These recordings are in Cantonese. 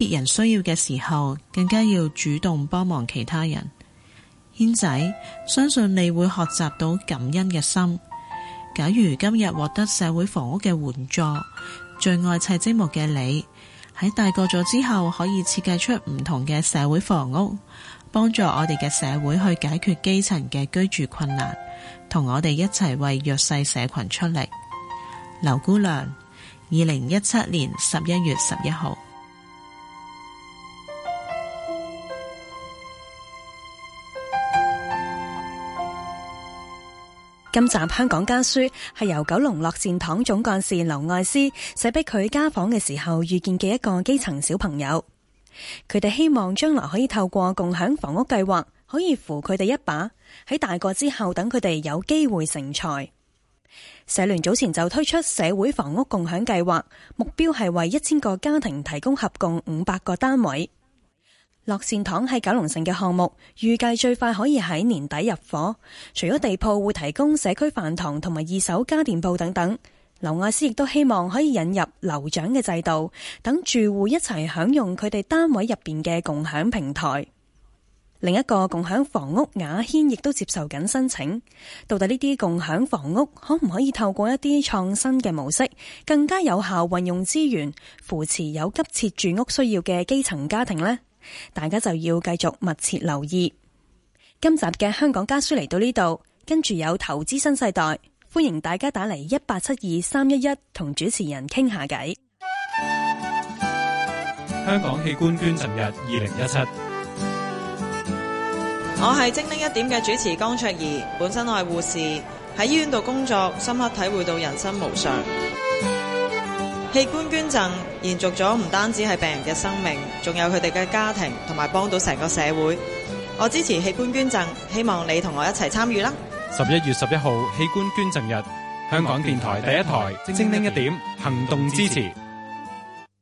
別人需要嘅時候，更加要主動幫忙其他人。軒仔，相信你會學習到感恩嘅心。假如今日獲得社會房屋嘅援助，最愛砌積木嘅你喺大個咗之後，可以設計出唔同嘅社會房屋，幫助我哋嘅社會去解決基層嘅居住困難，同我哋一齊為弱勢社群出力。劉姑娘，二零一七年十一月十一號。今集《香港家書》係由九龍樂善堂總幹事劉愛詩寫俾佢家訪嘅時候遇見嘅一個基層小朋友。佢哋希望將來可以透過共享房屋計劃，可以扶佢哋一把，喺大個之後等佢哋有機會成才。社聯早前就推出社會房屋共享計劃，目標係為一千個家庭提供合共五百個單位。樂善堂係九龍城嘅項目，預計最快可以喺年底入伙。除咗地鋪會提供社區飯堂同埋二手家電鋪等等，劉亞斯亦都希望可以引入樓長嘅制度，等住戶一齊享用佢哋單位入邊嘅共享平台。另一個共享房屋雅軒亦都接受緊申請。到底呢啲共享房屋可唔可以透過一啲創新嘅模式，更加有效運用資源，扶持有急切住屋需要嘅基層家庭呢？大家就要繼續密切留意。今集嘅香港家書嚟到呢度，跟住有投資新世代，歡迎大家打嚟一八七二三一一同主持人傾下偈。香港器官捐贈日二零一七，我係精靈一點嘅主持江卓儀，本身我係護士喺醫院度工作，深刻體會到人生無常。器官捐贈延續咗唔單止係病人嘅生命，仲有佢哋嘅家庭，同埋幫到成個社會。我支持器官捐贈，希望你同我一齊參與啦！十一月十一號器官捐贈日，香港電台第一台精靈一,一點,一點行動支持。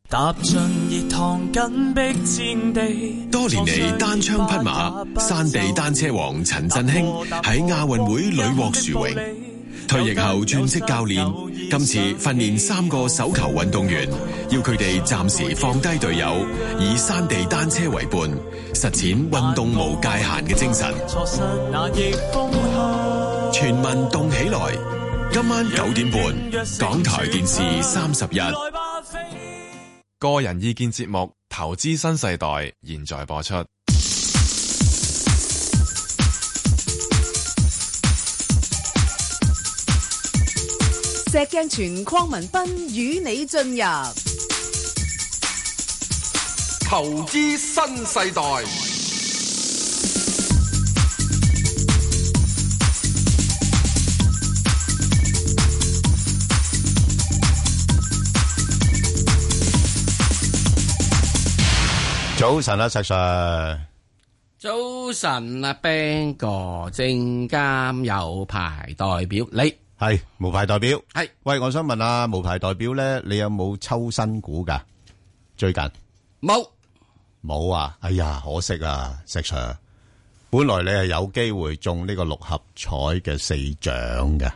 踏進熱堂緊迫戰地，多年嚟單槍匹馬山地單車王陳振興喺亞運會屢獲殊榮。退役後轉職教練，今次訓練三個手球運動員，要佢哋暫時放低隊友，以山地單車為伴，實踐運動無界限嘅精神。全民動起來！今晚九點半，港台電視三十日，個人意見節目《投資新世代》現在播出。石鏡泉、鄺民彬與你進入投資新世代。早晨啊石 Sir，Sir 早晨啊 Bang 哥，證監有牌代表你。係無牌代表係，是喂，我想問啊，無牌代表咧，你有冇抽新股噶？最近冇冇沒啊？哎呀，可惜啊，石 Sir，本來你係有機會中呢個六合彩嘅四獎嘅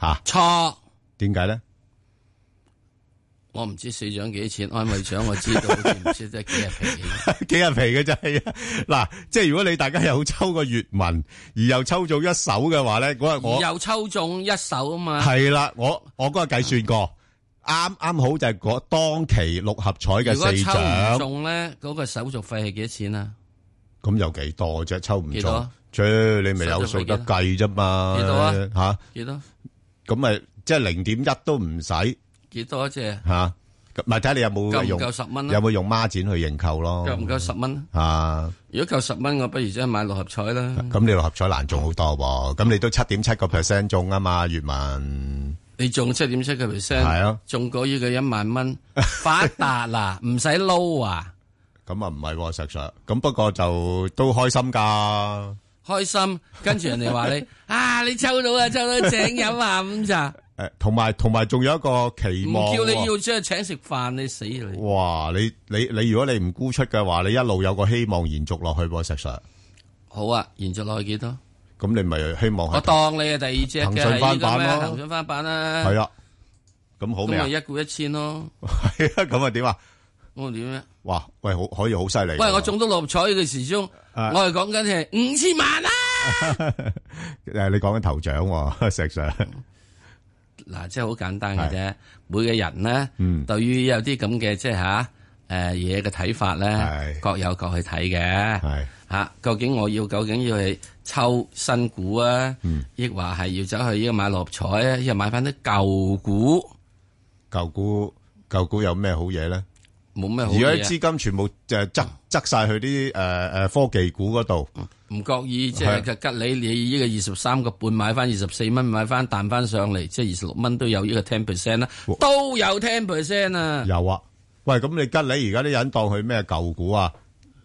吓，錯點解咧？錯我唔知四獎幾錢，安慰獎我知道，好似唔知得幾日皮，幾日皮嘅真係嗱，即係如果你大家又抽個粵文，而又抽中一手嘅話咧，嗰日我又抽中一手啊嘛，係啦，我我嗰日計算過，啱啱好就係嗰當期六合彩嘅四獎，中咧嗰個手續費係幾錢啊？咁有幾多啫？抽唔中，啫你咪有數得計啫嘛？幾多啊？吓？幾多？咁咪即係零點一都唔使。幾多隻嚇、啊？唔睇 甜 anka 你有冇夠唔夠十蚊，有冇用孖展去認購咯？夠唔夠十蚊啊？如果夠十蚊，我不如即係買六合彩啦，啊。咁你六合彩難中好多喎，欸。咁你都七點七個 percent 中啊嘛，月文。你中七點七個 percent，係啊，中嗰依個一萬蚊，發達啦，唔使撈啊。咁啊，唔係喎，石 Sir 咁不過就都開心㗎。開心，跟住人哋話你 啊，你抽到啊，抽到請飲啊，下午茶。誒，同埋同埋仲有一個期望。唔叫你要即係請食飯，你死啦！哇，你你你，如果你唔沽出嘅話，你一路有個希望延續落去喎，石 Sir。好啊，延續落去幾多？咁你咪希望我當你嘅第二隻嘅騰訊翻版咯，騰訊翻版啦。係啊，咁、啊啊、好咩？咁一沽一千咯。係 啊，咁啊點啊？我點咩？哇，喂，好可以好犀利。喂，我中咗六合彩嘅時鐘，啊、我係講緊係五千萬啦、啊。 你講緊頭獎喎，石 Sir。嗱，即係好簡單嘅啫，是每個人咧、嗯、對於有啲咁嘅即係吓誒嘢嘅睇法咧，是各有各去睇嘅。嚇是、啊，究竟我要究竟要去抽新股啊，抑或係要走去要買六合彩啊，要買翻啲舊，舊股。舊股舊股有咩好嘢咧？冇咩，而家啲資金全部就係執執晒去啲誒誒科技股嗰度，唔覺、嗯、意、啊、即係吉利你呢個二十三個半買翻二十四蚊買翻彈翻上嚟，即係二十六蚊都有呢個 ten percent 啦，都有 ten percent 啊、呃，有啊，喂，咁你吉利而家啲人當佢咩舊股啊，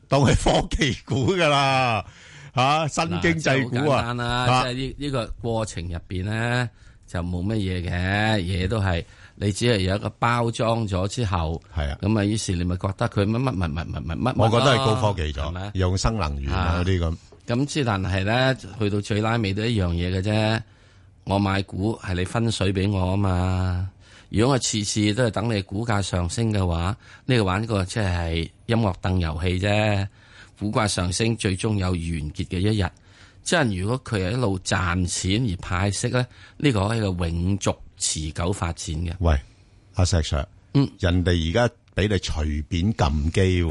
當佢科技股噶啦，吓、啊、新經濟股啊，啊即係呢呢個過程入邊咧就冇乜嘢嘅，嘢都係。你只係有一個包裝咗之後，係啊，咁啊，於是你咪覺得佢乜乜乜乜乜乜乜，我覺得係高科技咗，嗎用新能源啊嗰啲咁。咁即些但係咧，去到最拉尾都一樣嘢嘅啫。我買股係你分水俾我啊嘛。如果我次次都係等你股價上升嘅話，呢、呢個玩個即係音樂凳遊戲啫。股價上升最終有完結嘅一日。即係如果佢係一路賺錢而派息咧，呢、呢個可以個永續。持久發展嘅，喂，阿石 Sir，嗯，人哋而家俾你隨便撳機，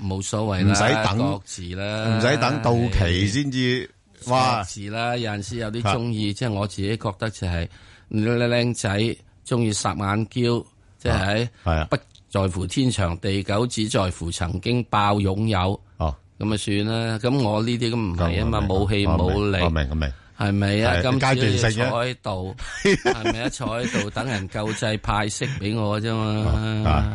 冇所謂啦，唔使等字啦，唔使等到期先至，哇，字啦，有陣時有啲中意，即係我自己覺得就係唔通你靚仔中意霎眼嬌，即係，係啊，不在乎天長地久，只在乎曾經爆擁有，哦，咁咪算啦，咁我呢啲咁唔係啊嘛，冇氣冇力。明，明。係咪啊？今朝坐喺度，係咪啊？坐喺度等人救濟派息俾我啫嘛？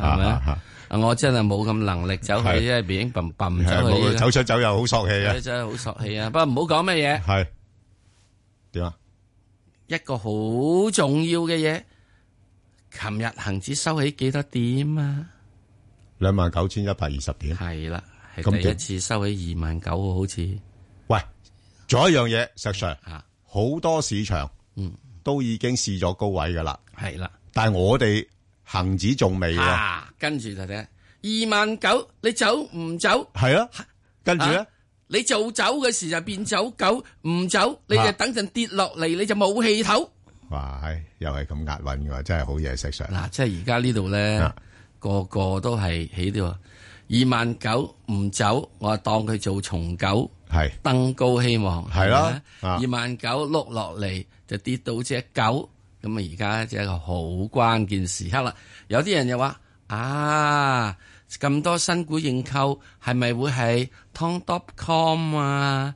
係咪啊？我真係冇咁能力走起呢邊，笨笨唔出去。走出走又好索氣啊！真係好索氣啊！不過唔好講咩嘢。係點啊？一個好重要嘅嘢，琴日恒指收起幾多點啊？兩萬九千一百二十點。係啦，係第一次收起二萬九，好似。仲有一樣嘢，石 Sir 啊，好多市場嗯，都已經試咗高位嘅啦，係啦、嗯，但係我哋恒指仲未喎，跟住就睇二萬九，你走唔走？係啊，跟住咧、啊，你做走嘅時候就變走狗，唔走你、啊、你就等陣跌落嚟，你就冇氣頭。哇，係又係咁押韻嘅，真係好嘢，石 Sir。嗱、啊，即係而家呢度咧，啊、個個都係起啲二萬九唔走，我當佢做重九。係登高希望係咯，二萬九碌落嚟就跌到隻狗，咁啊而家就係一個好關鍵時刻啦。有啲人又話：啊，咁多新股認購係咪會係 Tom Dot Com 啊？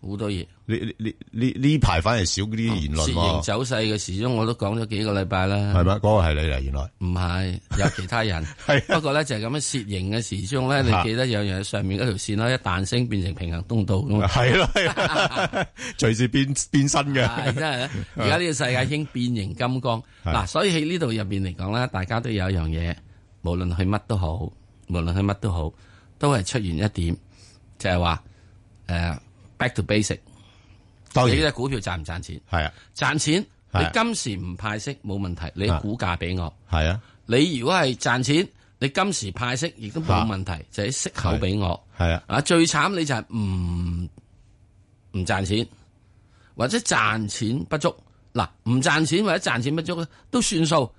好多嘢呢呢呢呢排反而少啲言論喎。斜形，哦、走勢嘅時鐘我都講咗幾個禮拜啦。係咪？嗰個係你嚟，原來唔係有其他人。 啊、不過咧就係咁樣斜形嘅時鐘咧，你記得有樣喺上面嗰條線咧一彈升變成平行通道噶嘛？係 咯、啊，隨時變變身嘅、 啊，真係而家呢個世界已經變形金剛嗱，啊、所以喺呢度入邊嚟講咧，大家都有一樣嘢，無論係乜都好，無論係乜都好，都係出現一點，就係話誒。呃 Back to basic，當然你嘅股票賺唔賺錢？係啊，賺錢、啊、你今時唔派息冇問題，你股價俾我係啊。你如果係賺錢，你今時派息亦都冇、啊、問題，就係息口俾我係啊。啊、呃，最慘你就係唔唔賺錢，或者賺錢不足。嗱，唔賺錢或者賺錢不足咧，都算數。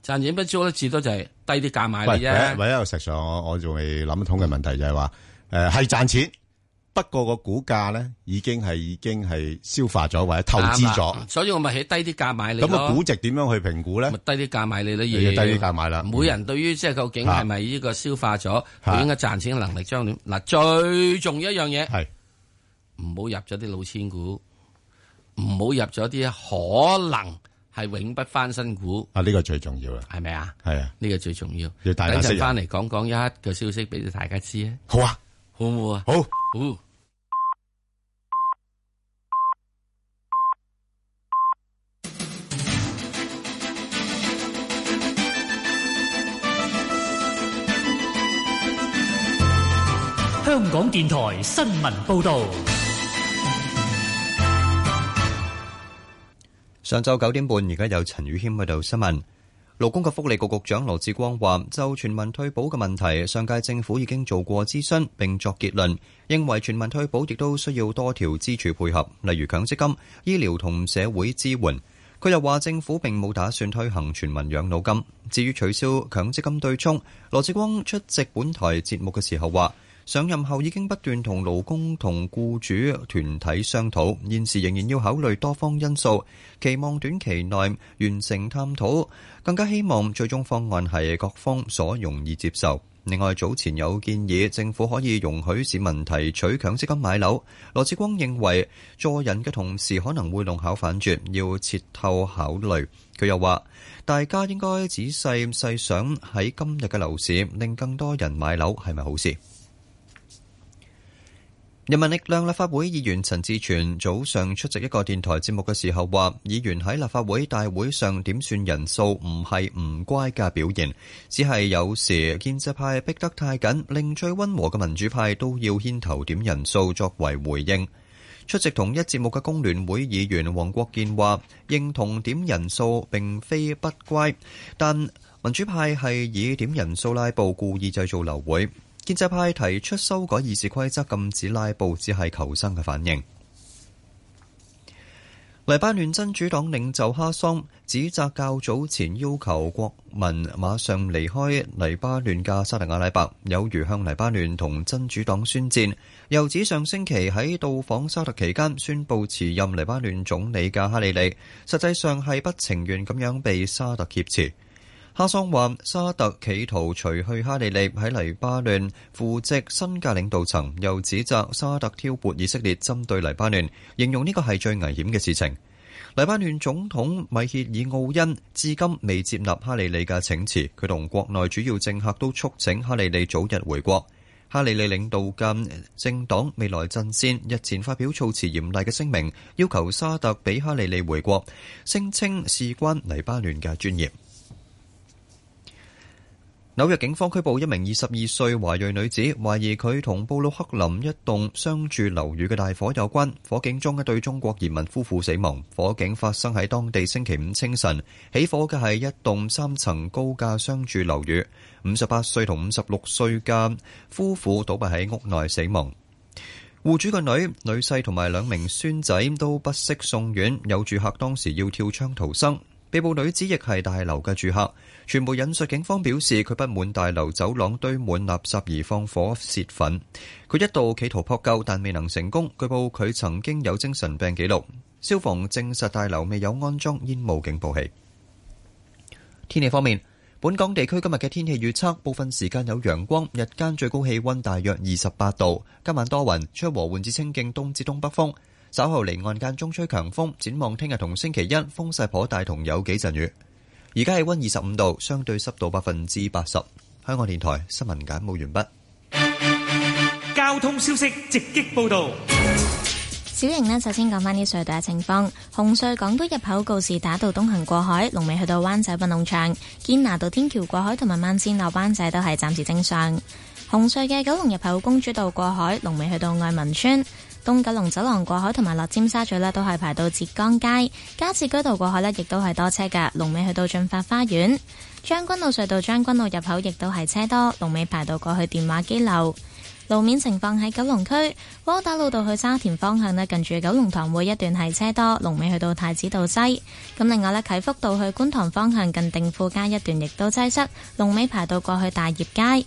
賺錢不足至多就係低啲價買嘅啫。唯一我實上我我仲未諗通嘅問題就係話，誒係賺錢。不過個股價咧已經係已經係消化咗或者透支咗，所以我咪起低啲價買你。咁個估值點樣去評估咧？低啲價買你咯。要低啲價買啦。每人對於即係究竟係咪呢個消化咗，佢應該賺錢能力將點？嗱，最重要一樣嘢係唔好入咗啲老千股，唔好入咗啲可能係永不翻身股。啊，呢個最重要啊，係咪啊？係啊，呢個最重要。等陣翻嚟講講一刻嘅消息俾大家知啊。好啊，好唔好啊？好，好。香港電台新聞報道：上晝九點半，而家有陳宇謙喺度。新聞勞工及福利局局長羅志光話，就全民退保嘅問題，上屆政府已經做過諮詢，並作結論，認為全民退保亦都需要多條支柱配合，例如強積金、醫療同社會支援。佢又話，政府並冇打算推行全民養老金。至於取消強積金對沖，羅志光出席本台節目嘅時候話。上任後已經不斷同勞工同雇主團體商討，現時仍然要考慮多方因素，期望短期內，完成探討，更加希望最終方案係各方所容易接受。另外，早前有建議政府可以容許市民提取強積金買樓，羅志光認為，助人嘅同時可能會弄巧反拙，要徹透考慮。佢又話，大家應該仔細細想喺今日嘅樓市，令更多人買樓，係咪好事？人民力量立法會議員陳志全早上出席一個電台節目嘅時候話，議員喺立法會大會上點算人數唔係唔乖嘅表現，只係有時建制派逼得太緊，令最温和嘅民主派都要牽頭點人數作為回應。出席同一節目嘅工聯會議員黃國健話，認同點人數並非不乖，但民主派係以點人數拉布，故意製造流會。建制派提出修改議事規則，禁止拉布，只係求生嘅反應。黎巴嫩真主黨領袖哈桑指責較早前要求國民馬上離開黎巴嫩嘅沙特阿拉伯，有如向黎巴嫩同真主黨宣戰，又指上星期喺到訪沙特期間宣布辭任黎巴嫩總理嘅哈里里，實際上係不情願咁樣被沙特挾持。哈桑話：沙特企圖除去哈利利喺黎巴嫩扶植新界領導層，又指責沙特挑撥以色列針對黎巴嫩，形容呢個係最危險嘅事情。黎巴嫩總統米歇爾奧恩至今未接納哈利利嘅請辭，佢同國內主要政客都促請哈利利早日回國。哈利利領導嘅政黨未來陣線日前發表措辭嚴厲嘅聲明，要求沙特俾哈利利回國，聲稱事關黎巴嫩嘅尊嚴。紐約警方拘捕一名二十二歲華裔女子，懷疑佢同布魯克林一棟商住樓宇嘅大火有關。火警中一對中國移民夫婦死亡。火警發生喺當地星期五清晨，起火嘅係一棟三層高架商住樓宇。五十八歲同五十六歲嘅夫婦倒斃喺屋內死亡。戶主個女、女婿同埋兩名孫仔都不惜送院，有住客當時要跳窗逃生。被捕女子亦係大樓嘅住客，傳媒引述警方表示佢不滿大樓走廊堆滿垃圾而放火洩憤。佢一度企圖撲救，但未能成功。據報佢曾經有精神病記錄。消防證實大樓未有安裝煙霧警報器。天氣方面，本港地區今日嘅天氣預測，部分時間有陽光，日間最高氣温大約二十八度。今晚多雲，吹和緩至清勁，東至東北風。稍後離岸間中吹強風，展望聽日同星期一風勢頗大，同有幾陣雨。而家氣温二十五度，相對濕度百分之八十。香港電台新聞簡報完畢。交通消息直擊報道。小瑩呢，首先講翻啲隧道嘅情況。紅隧港島入口告士打道東行過海，龍尾去到灣仔運動場；堅拿道天橋過海同埋慢線落灣仔都係暫時正常。紅隧嘅九龍入口公主道過海，龍尾去到愛民村。東九龍走廊過海同埋落尖沙咀咧，都係排到浙江街、加士居道過海咧，亦都係多車噶。龍尾去到駿發花園。將軍澳隧道將軍澳入口，亦都係車多。龍尾排到過去電話機樓。路面情況喺九龍區，窩打老道去沙田方向咧，近住九龍塘會一段係車多，龍尾去到太子道西。咁另外咧，啟福道去觀塘方向近定富街一段亦都擠塞，龍尾排到過去大業街。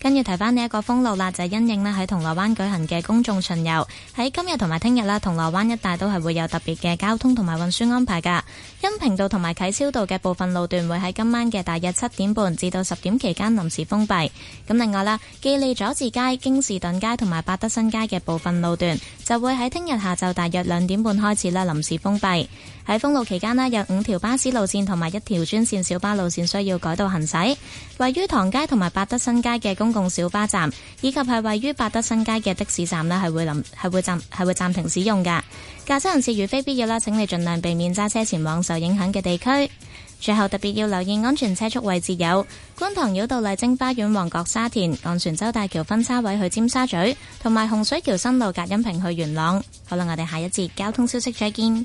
跟住提翻呢一個封路啦，就係因應咧喺銅鑼灣舉行嘅公眾巡遊，喺今日同埋聽日啦，銅鑼灣一帶都係會有特別嘅交通同埋運輸安排噶。恩平道同埋啟超道嘅部分路段會喺今晚嘅大約七點半至到十點期間臨時封閉。咁另外啦，紀利佐治街、京士頓街同埋百德新街嘅部分路段就會喺聽日下晝大約兩點半開始啦，臨時封閉。喺封路期間呢，有五條巴士路線同埋一條專線小巴路線需要改道行駛。位於唐街同埋百德新街嘅公共小巴站，以及係位於百德新街嘅的、的士站呢係會臨係會暫係會暫停使用嘅。駕車人士如非必要啦，請你盡量避免揸車前往受影響嘅地區。最後特別要留意安全車速位置有：觀塘繞道麗晶花園、旺角沙田、昂船洲大橋分叉位去尖沙咀，同埋洪水橋新路隔音屏去元朗。好啦，我哋下一節交通消息再見。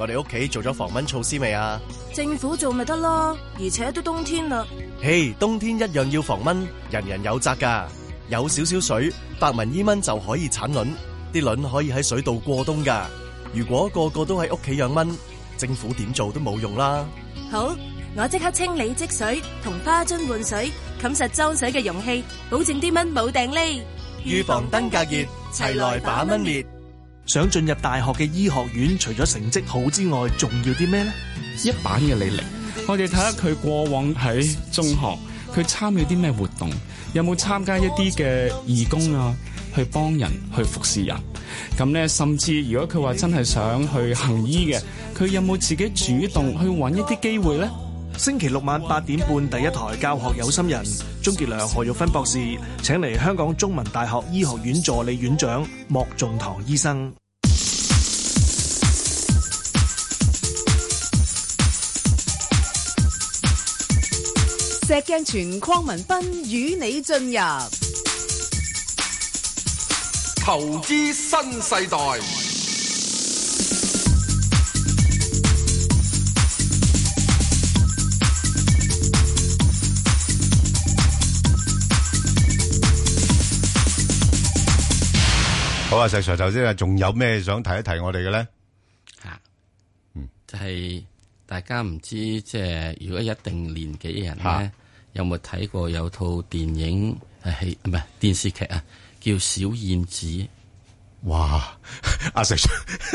我哋屋企做咗防蚊措施未啊？政府做咪得咯，而且都冬天啦。嘿，hey，冬天一樣要防蚊，人人有責㗎。有少少水，白紋伊蚊就可以產卵，啲卵可以喺水度過冬㗎。如果個個都喺屋企養蚊，政府點做都冇用啦。好，我即刻清理積水同花樽換水，冚實裝水嘅容器，保證啲蚊冇埞匿。預防登革熱，齊來把蚊滅。想進入大學嘅醫學院，除咗成績好之外，仲要啲咩呢？一版嘅履歷，我哋睇下佢過往喺中學，佢參與啲咩活動？有冇參加一啲嘅義工啊？去幫人，去服侍人？咁呢？甚至如果佢話真係想去行醫嘅，佢有冇自己主動去揾一啲機會呢？星期六晚八點半，第一台教學有心人，鍾傑良、何玉芬博士請嚟香港中文大學醫學院助理院長莫仲棠醫生。石鏡泉、鄺民彬與你進入投資新世代。好啊，石 Sir，頭先啊，仲有咩想提一提我哋嘅咧？吓，嗯，就係大家唔知，即係如果一定年紀嘅人咧。啊有冇睇過有套電影誒，唔、啊、係電視劇啊，叫《小燕子》？哇！阿、啊、Sir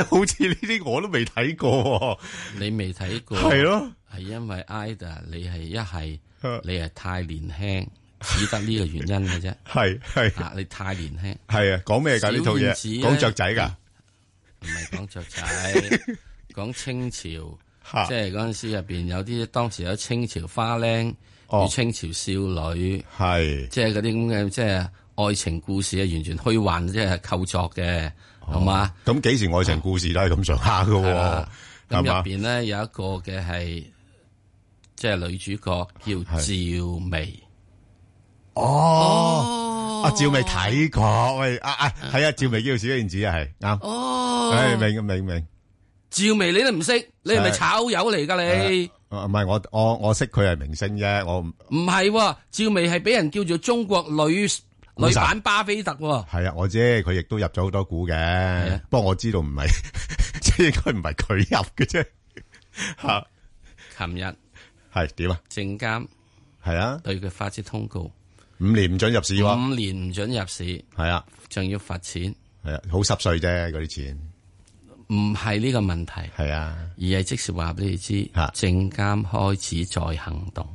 好似呢啲我都未睇過。你未睇過？係咯的，係因為 ida，、啊、你係一係你係太年輕，只得呢個原因嘅啫。係係， 吓是、啊、你太年輕。係啊，講咩噶呢套嘢？講雀仔噶？唔係講雀仔，講 清朝， 即係嗰陣時入邊有啲，當時有清朝花靚。清朝少女係，即係嗰啲咁嘅，即係愛情故事係完全虛幻，即係構作嘅，係嘛？咁幾時愛情故事都係咁上下嘅，係嘛？咁入邊咧有一個嘅係，即係女主角叫趙薇。哦，阿趙薇睇過，喂，啊啊，係啊，趙薇叫小燕子啊，係啱。哦，誒，明明明，趙薇你都唔識，你係咪炒友嚟噶你？唔係、啊、我我我識佢係明星啫，我唔唔係，趙、啊、薇係俾人叫做中國女女版巴菲特、啊。係啊，我知佢亦都入咗好多股嘅，啊、不過我知道唔係，即 係應該唔係佢入嘅啫。吓，琴日係點啊？證監係啊，監啊對佢發出通告，五年唔準、啊、准入市。五年唔准入市，係啊，仲要罰錢。係啊，好濕碎啫，嗰啲錢。唔係呢個問題，係啊，而係即時話俾你知，啊、證監開始再行動。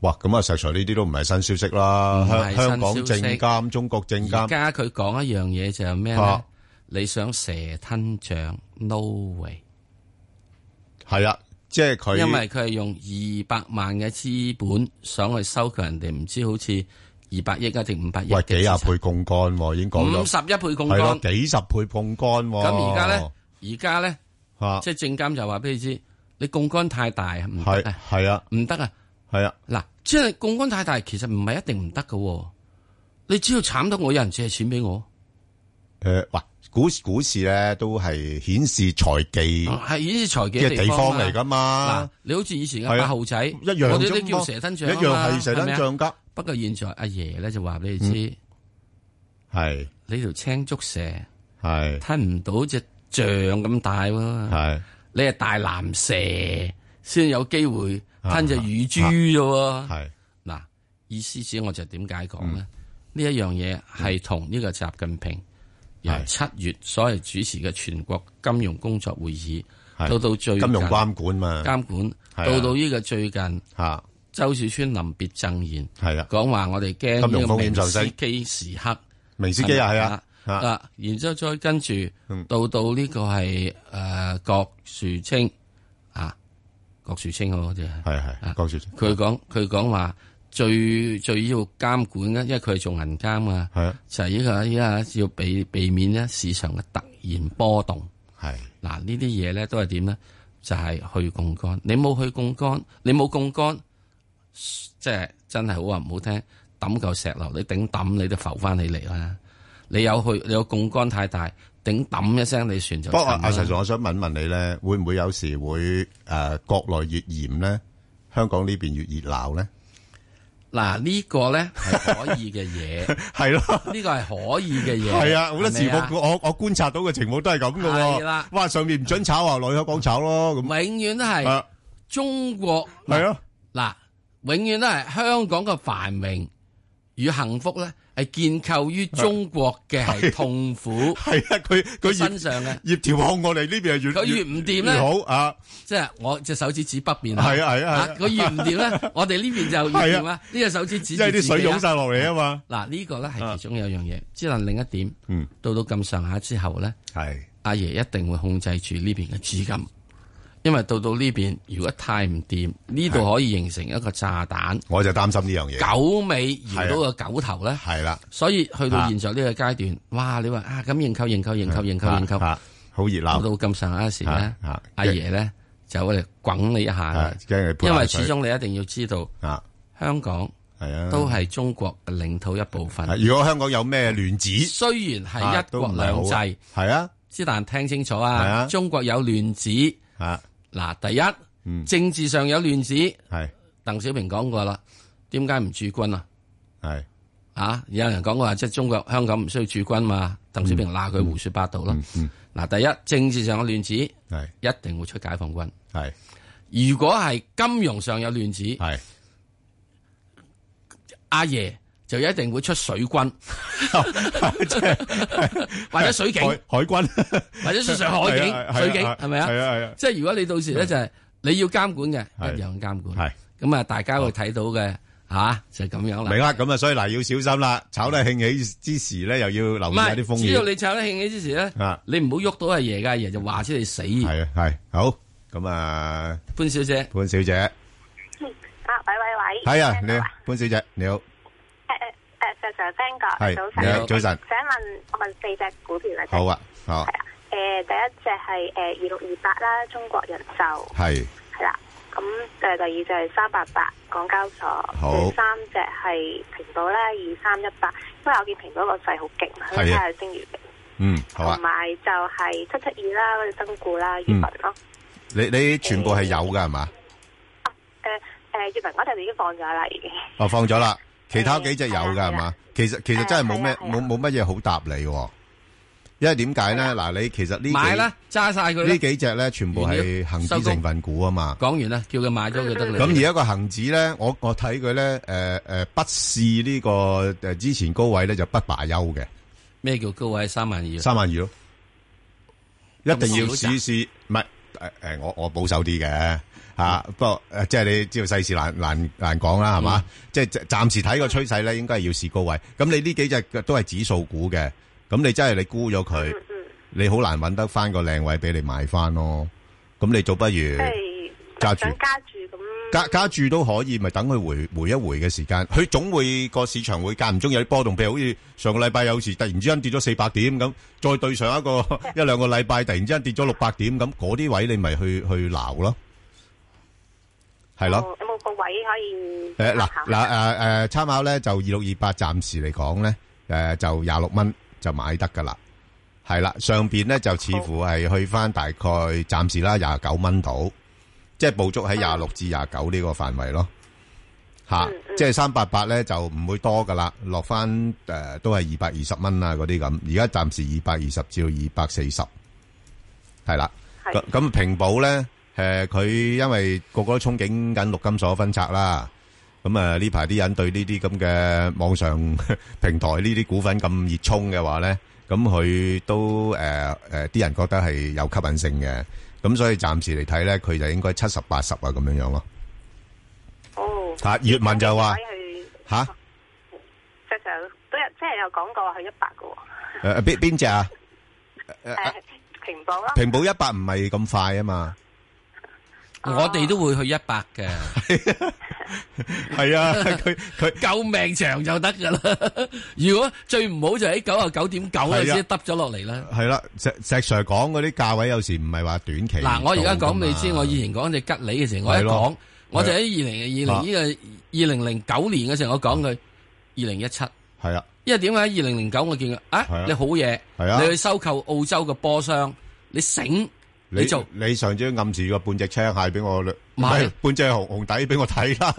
哇！咁啊，石 Sir 呢啲都唔係新消息啦。息香港證監、中國證監，而家佢講一樣嘢就係咩、啊、你想蛇吞象？No way！係啊，即係佢，因為佢係用二百萬嘅資本想去收購人哋，唔知好似。二百億啊，定五百億？喂，幾廿倍槓桿？已經講到五十一倍槓桿，係幾十倍槓桿。咁而家咧，而家咧，即係證監就話俾你知，你槓桿太大唔得，係啊，唔得啊，係啊。嗱，即係槓桿太大，其實唔係一定唔得噶。你只要慘到我有人借錢俾我，誒，哇，股股市咧都係顯示財技，係顯示財技嘅地方嚟噶嘛。嗱，你好似以前阿豪仔，一樣，我哋都叫蛇吞象一樣係蛇吞象級。不過現在阿爺咧就話俾你知，係你條青竹蛇，係吞唔到隻象咁大喎，係你係大藍蛇先有機會吞隻乳豬啫喎係嗱，意思指我就點解講咧？呢一樣嘢，係同呢個習近平由七月所謂主持嘅全國金融工作會議，到到最近金融監管嘛，監管到到呢個最近吓。周小川臨別贈言係、嗯、啊，講話我哋驚呢個明斯基時刻，明斯基啊，係啊，嗱，然之後再跟住、嗯、到到呢個係誒、呃、郭樹清啊，郭樹清嗰個啫，係、啊、係郭樹清，佢講佢講話最最要監管嘅，因為佢係做銀監啊，係的就係呢、這個依家要避避免咧市場嘅突然波動，係嗱呢啲嘢咧都係點咧？就係去槓桿，你冇去槓桿，你冇槓桿。即係真係好話唔好聽，抌嚿石樓，你頂抌你都浮翻起嚟啦。你有去，你個槓桿太大，頂抌一聲你船就。不過阿石總，我想問問你咧，會唔會有時會誒國內越嚴咧，香港呢邊越熱鬧咧？嗱呢個咧係可以嘅嘢，係咯，呢個係可以嘅嘢，係啊，好多時我我我觀察到嘅情況都係咁嘅喎。哇，上面唔准炒啊，內香港炒咯咁，永遠都係中國係咯嗱。永遠都係香港嘅繁榮與幸福咧，係建構於中國嘅係痛苦。係啊，佢佢身上嘅越調控，我哋呢邊係越，佢越唔掂咧。好啊，即係我隻手指指北邊，係啊係啊，佢越唔掂咧，我哋呢邊就係啊。啊啊越呢隻手指指，即係啲水湧晒落嚟啊嘛。嗱、啊、呢、呢個咧係其中有樣嘢，只能另一點。嗯，到到咁上下之後咧，係阿爺一定會控制住呢邊嘅資金。因為到到呢邊，如果太唔掂，呢度可以形成一個炸彈。我就擔心呢樣嘢。狗尾搖到個狗頭咧，係啦。所以去到現在呢個階段，哇！你話啊，咁認購、認購、認購、認購、認購，好熱鬧。到咁上下時咧，阿爺咧就嚟滾你一下啦。因為始終你一定要知道，香港都係中國嘅領土一部分。如果香港有咩亂子，雖然係一國兩制，係啊，之但聽清楚啊，中國有亂子。嗱，第一、嗯、政治上有亂子，係是鄧小平講過啦，點解唔駐軍啊？係是啊，有人講過話即係中國香港唔需要駐軍嘛，鄧小平鬧佢胡說八道咯。嗱、嗯，嗯嗯、第一，政治上有亂子，係是一定會出解放軍。係是如果係金融上有亂子，係阿是、啊、爺。就一定會出水軍，或者水警、海軍，或者上水警、水警，係咪啊？係啊係啊！即係如果你到時咧，就係你要監管嘅一樣監管，係咁啊，大家會睇到嘅吓，就咁樣啦。明啦，咁啊，所以嗱，要小心啦，炒得興起之時咧，又要留意下啲風險。只要你炒得興起之時咧，啊，你唔好喐到阿爺噶，阿爺就話出你死。係啊係，好咁啊，潘小姐，潘小姐，好，喂喂喂，係啊，你好，潘小姐，你好。就係 Frank，早晨，早晨。請問我問四隻股票啊？好啊，好。係啊，誒，第一隻係誒二六二八啦，中國人壽。係。係啦，咁誒第二隻係三八八，港交所。好。第三隻係平保啦，二三一八，因為我見平保個勢好勁，佢睇下升唔升。嗯，好啊。同埋就係七七二啦，嗰隻新股啦，閱文咯。你你全部係有噶係嘛？啊，誒誒，閱文嗰隻已經放咗啦，已經。哦，放咗啦，其他幾隻有噶係嘛？其實其實真係冇咩冇冇乜嘢好答你，因為點解咧？嗱、啊，你其實呢幾買啦，揸晒佢呢幾隻咧，全部係恒指成份股啊嘛。講完啦，叫佢買咗就得啦。咁而一個恒指咧，我我睇佢咧，誒、呃、誒，不試呢個誒之前高位咧就不罷休嘅。咩叫高位？三萬二，三萬二咯，一定要試試，唔係誒誒，我我，我保守啲嘅。吓、啊，不過誒，即係你知道世事難難難講啦，係嘛？嗯、即係暫時睇個趨勢咧，應該係要試高位。咁你呢幾隻都係指數股嘅，咁你真係你沽咗佢，嗯嗯你難好難揾得翻個靚位俾你買翻咯。咁你做不如揸住，揸住咁，揸揸住都可以，咪等佢回回一回嘅時間。佢總會個市場會間唔中有啲波動，譬如好似上個禮拜有時突然之間跌咗四百點咁，再對上一個一兩個禮拜突然之間跌咗六百點咁，嗰啲位你咪去去鬧咯。係咯，嗯、有冇個位可以？誒、啊，嗱嗱誒誒，參考咧就二六二八，暫時嚟講咧，誒就廿六蚊就買得噶啦，係啦，上邊咧就似乎係去翻大概暫時啦廿九蚊度，即係捕捉喺廿六至廿九呢個範圍咯。吓，即係三八八咧就唔會多噶、呃、啦，落翻誒都係二百二十蚊啊嗰啲咁，而家暫時二百二十至到二百四十，係啦。咁咁平保咧？誒，佢、呃、因為個個都憧憬緊陸金所分拆啦，咁啊呢排啲人對呢啲咁嘅網上平台呢啲股份咁熱衷嘅話咧，咁、嗯、佢都誒誒，啲、呃呃、人覺得係有吸引性嘅，咁、嗯、所以暫時嚟睇咧，佢就應該七十八十啊咁樣樣咯。哦， 呃呃、啊，葉文就話吓，即係都有，即係有講過話係一百嘅。誒，邊邊隻啊？誒，平保啦。平保一百唔係咁快啊嘛。我哋都會去一百嘅，係啊，佢佢救命長就得噶啦。如果最唔好就喺九啊九點九嗰時耷咗落嚟啦。係啦，石石 Sir 講嗰啲價位有時唔係話短期。嗱，我而家講你知，我以前講隻吉利嘅時候，我一講，我就喺二零二零呢個二零零九年嘅時候，我講佢二零一七係啊，因為點解二零零九我見佢啊，你好嘢，你去收購澳洲嘅波箱，你醒。你做你上次暗示個半隻青蟹俾我，唔係半隻紅紅底俾我睇啦。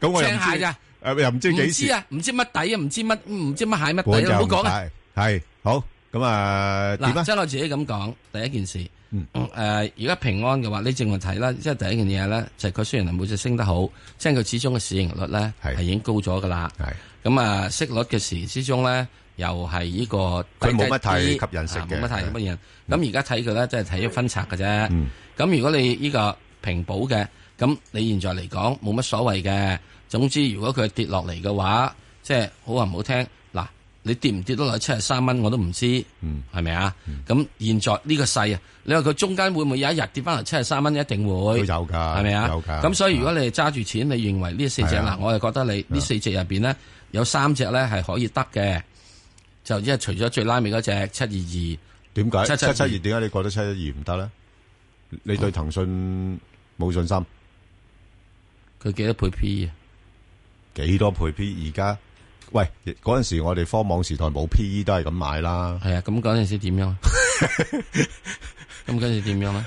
咁我又唔知幾時，唔知啊，唔知乜底啊，唔知乜唔知乜蟹乜底，冇講啊。係好咁啊，嗱，張我自己咁講，第一件事，誒，而家平安嘅話，你正話睇啦，即係第一件嘢咧，就係佢雖然係每隻升得好，即係佢始終嘅市盈率咧係已經高咗噶啦，係咁啊，息率嘅時之中咧。又係呢個，佢冇乜太吸引性，冇乜太乜嘢。咁而家睇佢咧，即係睇一分拆嘅啫。咁如果你呢個平保嘅，咁你現在嚟講冇乜所謂嘅。總之，如果佢跌落嚟嘅話，即係好話唔好聽嗱，你跌唔跌到落七十三蚊我都唔知，係咪啊？咁現在呢個勢啊，你話佢中間會唔會有一日跌翻落七十三蚊，一定會。有㗎，係咪啊？有㗎。咁所以如果你揸住錢，你認為呢四隻嗱，我就覺得你呢四隻入邊咧有三隻咧係可以得嘅。就即係除咗最拉尾嗰隻七二二，點解七七二？點解你覺得七一二唔得咧？你對騰訊冇信心？佢幾多倍啊 PE？幾多倍 PE？而家喂，嗰陣時我哋科網時代冇 P E 都係咁買啦。係啊，咁嗰陣時點樣？咁跟住點樣咧？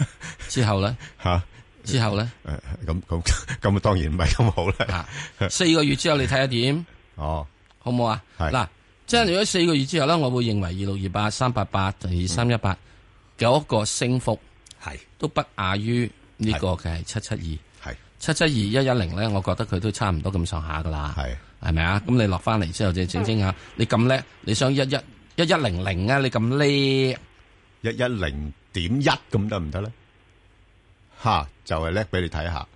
之後咧？吓、啊、之後咧？誒，咁咁咁啊，當然唔係咁好啦。 四個月之後你睇下點？哦，好唔好啊？嗱。即係如果四個月之後咧，我會認為二六二八、三八八同二三一八，有一個升幅係都不亞於呢個嘅七七二。係七七二一一零咧，我覺得佢都差唔多咁上下噶啦。係係咪啊？咁你落翻嚟之後，再整整下。你咁叻，你想一一一一零零啊？你咁叻，一一零點一咁得唔得咧？吓，就係叻俾你睇下。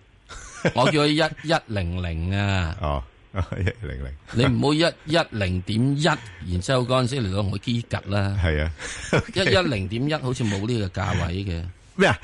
我叫佢一一零零啊。哦。一零零，oh, 你唔 好一一零點一，然之後嗰陣時嚟到我基格啦。係啊，一一零點一好似冇呢個價位嘅咩？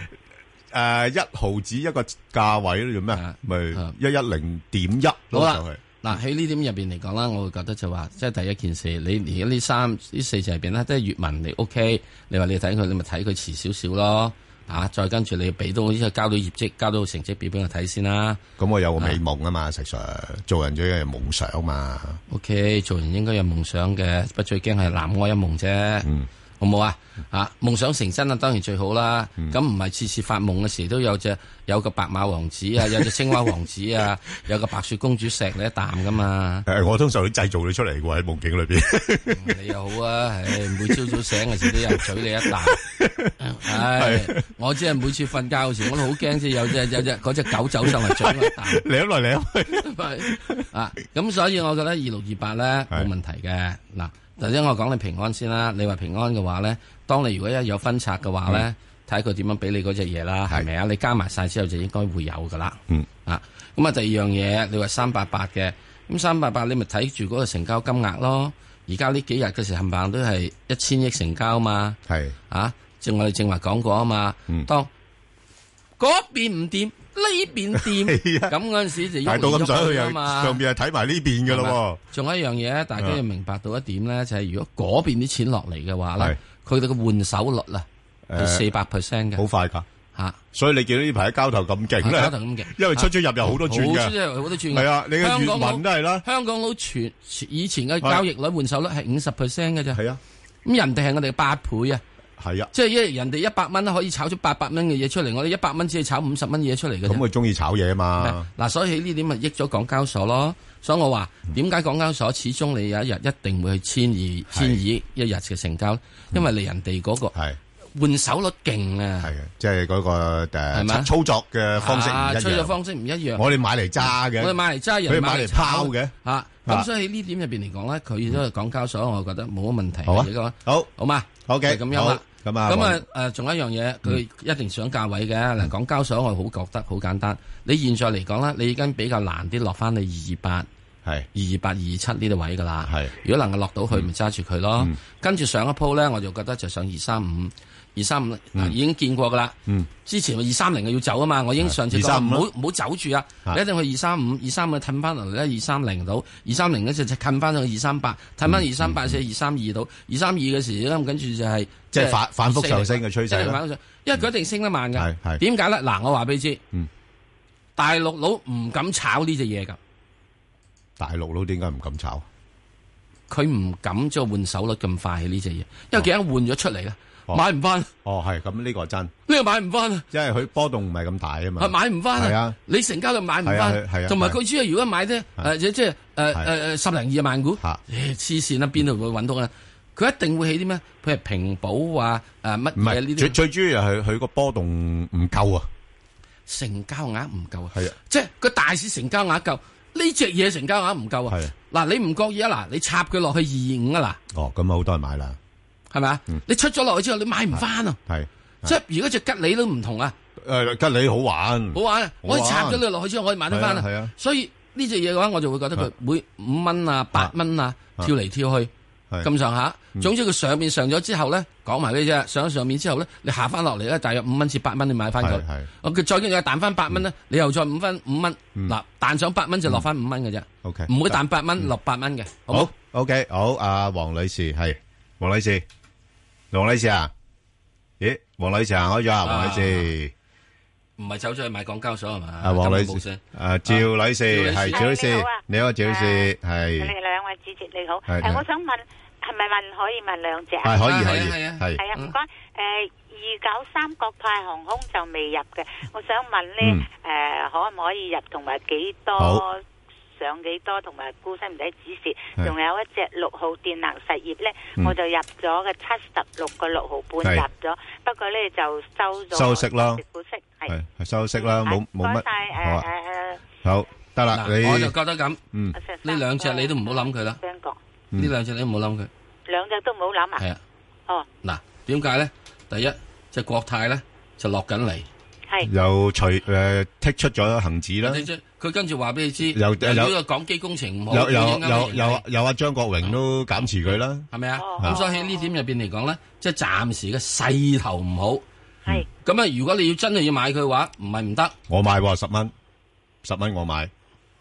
誒，一毫子一個價位咧，你做咩咪一一零點一？好啦，嗱喺呢點入邊嚟講啦，我會覺得就話即係第一件事，你而家呢三呢四就入邊啦，即係粵文你 OK，你話你睇佢，你咪睇佢遲少少咯。啊！再跟住你俾到，依家交到業績，交到成績表，啊，表俾我睇先啦。咁、啊、我有個美夢啊嘛，實在做人最緊要有夢想嘛。O K，做人應該有夢想嘅，不、okay，最驚係南柯一夢啫。嗯。好冇啊！啊，夢想成真啊，當然最好啦。咁唔係次次發夢嘅時都有隻，有個白馬王子啊，有隻青蛙王子啊， 有個白雪公主錫你一啖噶嘛。誒、啊，我通常都製造你出嚟嘅喎，喺夢境裏邊、 嗯。你又好啊，誒，每朝早醒嘅時都有人嘴你一啖。係、 嗯哎，我只係每次瞓覺嘅時，我都好驚，即有隻、有隻、隻狗走上嚟嘴你一啖。嚟 啊，來嚟啊，啊！咁所以我覺得二六二八咧冇問題嘅嗱。是 頭先我講你平安先啦，你話平安嘅話咧，當你如果一有分拆嘅話咧，睇佢點樣俾你嗰隻嘢啦，係咪啊？你加埋晒之後就應該會有噶啦。嗯啊，咁啊第二樣嘢，你話三八八嘅，咁三八八你咪睇住嗰個成交金額咯。而家呢幾日嘅時冚唪唥都係一千億成交啊嘛。係是啊，即係我哋正話講過啊嘛。嗯、當嗰邊唔掂。嗯呢邊掂，咁嗰陣時就喐嚟喐去啊嘛，上邊係睇埋呢邊噶咯。仲有一樣嘢大家要明白到一點咧，就係如果嗰邊啲錢落嚟嘅話咧，佢哋嘅換手率係四百 percent 嘅，好快噶吓。所以你見到呢排交投咁勁咁勁，因為出咗入入好多轉嘅，好多轉係啊，香港佬都係啦，香港佬全以前嘅交易率換手率係五十 percent 嘅啫。係啊，咁人哋係我哋嘅八倍啊。係是啊，即係一人哋一百蚊可以炒出八百蚊嘅嘢出嚟，我哋一百蚊只係炒五十蚊嘢出嚟嘅。咁佢中意炒嘢嘛？嗱，所以呢點咪益咗港交所咯。所以我話點解港交所始終你有一日一定會去千二千二一日嘅成交呢，因為你人哋嗰個係。是的 換手率勁啊！係啊，即係嗰個誒操作嘅方式，操作方式唔一樣。我哋買嚟揸嘅，我哋買嚟揸，佢買嚟拋嘅。嚇咁，所以呢點入邊嚟講咧，佢都係講港交所，我覺得冇乜問題。好好，嘛，好嘅，咁樣啦，咁啊，咁啊，誒，仲有一樣嘢，佢一定想價位嘅。嗱，講港交所，我好覺得好簡單。你現在嚟講咧，你已經比較難啲落翻你二二八係二二八二七呢啲位噶啦。係，如果能夠落到去，咪揸住佢咯。跟住上一鋪咧，我就覺得就上二三五。二三五嗱，已經見過噶啦。之前二三零要走啊嘛，我已經上次講唔好唔好走住啊，一定去二三五，二三五褪翻嚟咧，二三零到二三零嗰時就褪翻到二三八，褪翻二三八四二三二到二三二嘅時跟住就係即係反反覆上升嘅趨勢。因為佢一定升得慢嘅，係點解咧？嗱，我話俾你知，大陸佬唔敢炒呢隻嘢噶。大陸佬點解唔敢炒？佢唔敢即係換手率咁快呢隻嘢，因為竟然換咗出嚟咧？買唔翻哦，係咁呢個真呢個買唔翻啊，因為佢波動唔係咁大啊嘛，係買唔翻係啊，你成交就買唔翻，係啊，同埋佢主要，如果買啫誒，即係誒誒誒十零二萬股，黐線啦，邊度會搵到啊？佢一定會起啲咩？譬如平保啊，誒乜嘢呢啲？最主要係佢個波動唔夠啊，成交額唔夠啊，係啊，即係個大市成交額夠，呢隻嘢成交額唔夠啊，係嗱，你唔覺意啊嗱，你插佢落去二五啊嗱，哦，咁啊好多人買啦。係咪啊？你出咗落去之後，你買唔翻啊？係即係如果隻吉利都唔同啊！誒，吉利好玩，好玩，我可以拆咗你落去之後，我可以買得翻啦。係啊，所以呢隻嘢嘅話，我就會覺得佢每五蚊啊、八蚊啊跳嚟跳去咁上下。總之佢上面上咗之後咧，講埋呢隻。上咗上面之後咧，你下翻落嚟咧，大約五蚊至八蚊，你買翻佢。係我佢再跟住彈翻八蚊咧，你又再五分五蚊嗱，彈上八蚊就落翻五蚊嘅啫。O K，唔會彈八蚊六八蚊嘅，好。O K，好，阿黃女士係黃女士。黃女士啊？咦，黃女士行開咗啊？黃女士，唔係走咗去買港交所係嘛？啊，黃女士，啊，趙女士係，趙女士，你好啊，你好，趙女士係。我哋兩位主席你好，誒，我想問，係咪問可以問兩隻？係可以可以係，係啊，唔該。誒，二九三國泰航空就未入嘅，我想問咧，誒，可唔可以入，同埋幾多？上幾多同埋股息唔使止蝕，仲有一隻六號電能實業咧，我就入咗嘅七十六個六毫半入咗，不過咧就收咗。收息咯，股息係係收息咯，冇冇乜好啊。好得啦，我就覺得咁嗯，呢兩隻你都唔好諗佢啦。呢兩隻你都唔好諗佢，兩隻都唔好諗啊。係啊，哦，嗱，點解咧？第一隻就國泰咧就落緊嚟。又除誒剔出咗恆指啦，佢跟住話俾你知，有有港機工程唔好，有有有有阿張國榮都減持佢啦，係咪啊？咁所以喺呢點入邊嚟講咧，即係暫時嘅勢頭唔好。係咁啊！如果你要真係要買佢嘅話，唔係唔得。我買喎十蚊，十蚊我買，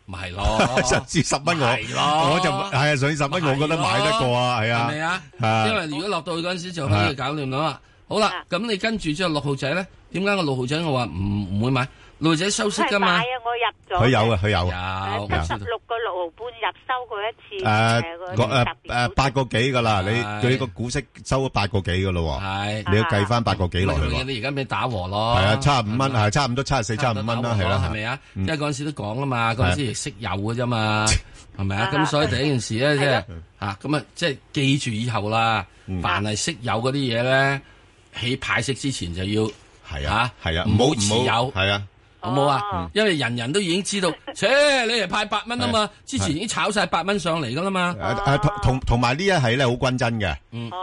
咪係咯，就係十蚊我，我就係啊！所以十蚊我覺得買得過啊，係啊，因為如果落到去嗰陣時就可以搞掂啦。好啦，咁你跟住之後六號仔咧，點解個六號仔我話唔唔會買？六號仔收息噶嘛？係啊！我入咗。佢有啊，佢有啊。有七十六個六毫半入收過一次。誒，誒誒，八個幾噶啦？你對呢個股息收咗八個幾噶咯？係你要計翻八個幾耐咯？你而家咪打和咯？係啊，差五蚊，係差唔多差四差五蚊啦，係啦，係咪啊？因為嗰陣時都講啊嘛，嗰陣時識有嘅啫嘛，係咪啊？咁所以第一件事咧，即係吓咁啊，即係記住以後啦，凡係識有嗰啲嘢咧。起派息之前就要係啊，係啊，唔好持有係啊，好唔好啊？因為人人都已經知道，切，你係派八蚊啊嘛，之前已經炒晒八蚊上嚟㗎啦嘛。同同埋呢一係咧好均真嘅，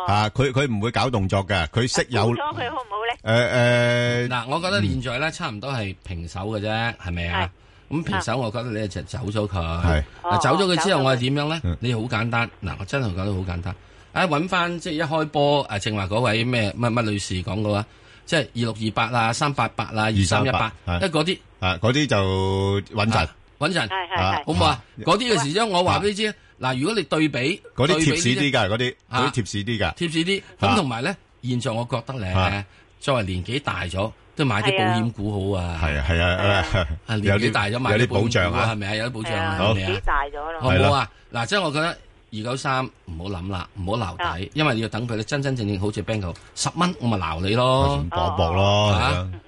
啊，佢佢唔會搞動作嘅，佢識有。咗佢好唔好咧？誒誒，嗱，我覺得現在咧，差唔多係平手嘅啫，係咪啊？咁平手，我覺得你就走咗佢。係。啊，走咗佢之後，我係點樣咧？你好簡單，嗱，我真係覺得好簡單。啊！揾翻即係一開波，啊正話嗰位咩乜乜女士講過啊，即係二六二八啊，三八八啊，二三一八，即嗰啲，啊嗰啲就穩陣，穩陣，係係好唔好啊？嗰啲嘅時，因為我話俾你知，嗱，如果你對比，嗰啲貼市啲噶，嗰啲嗰啲貼市啲噶，貼市啲。咁同埋咧，現在我覺得咧，作為年紀大咗，都買啲保險股好啊。係啊係啊，啊年紀大咗買啲保障啊，係咪啊？有啲保障啊，年紀大咗咯，好唔好啊？嗱，即係我覺得。二九三唔好諗啦，唔好留底，因為你要等佢真真正正好似 banko 十蚊，我咪撈你咯，搏一搏咯，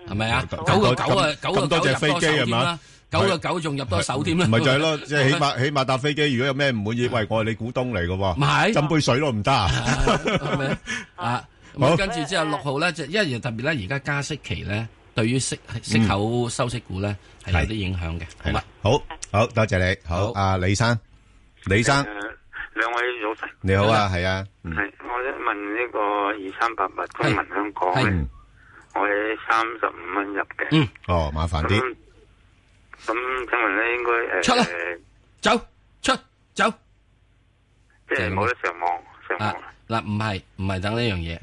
係咪啊？九個九啊，九個九咁多隻飛機係咪啊？九個九仲入多手添啦，唔係就係咯，即係起碼起碼搭飛機，如果有咩唔滿意，喂，我係你股東嚟噶喎，唔係斟杯水都，唔得啊，係咪啊？咁跟住之後六號咧，就一樣特別咧，而家加息期咧，對於息息口收息股咧係有啲影響嘅。係啦，好好多謝你，好阿李生，李生。兩位早晨，你好啊，係啊，係，我想問呢個二三八八中銀香港咧，我係三十五蚊入嘅，嗯，哦，麻煩啲，咁請問咧，應該誒，出啦，走，出，走，即係冇得上網，啊，嗱，唔係，唔係等呢樣嘢，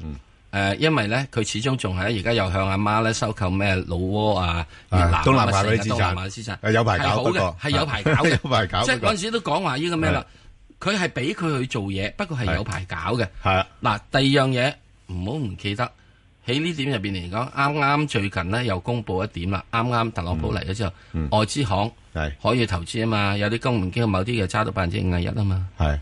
誒，因為咧，佢始終仲係咧，而家又向阿媽咧收購咩老撾啊，越南、東南亞嘅資產，係有排搞嘅，係有排搞嘅，即係嗰陣時都講話呢個咩啦。佢係俾佢去做嘢，不過係有排搞嘅。係的啦，嗱，第二樣嘢唔好唔記得喺呢點入邊嚟講，啱啱最近呢又公布一點啦，啱啱特朗普嚟咗之後，的外資行係可以投資啊嘛，有啲金融機構某啲嘅揸到百分之五十一啊嘛，係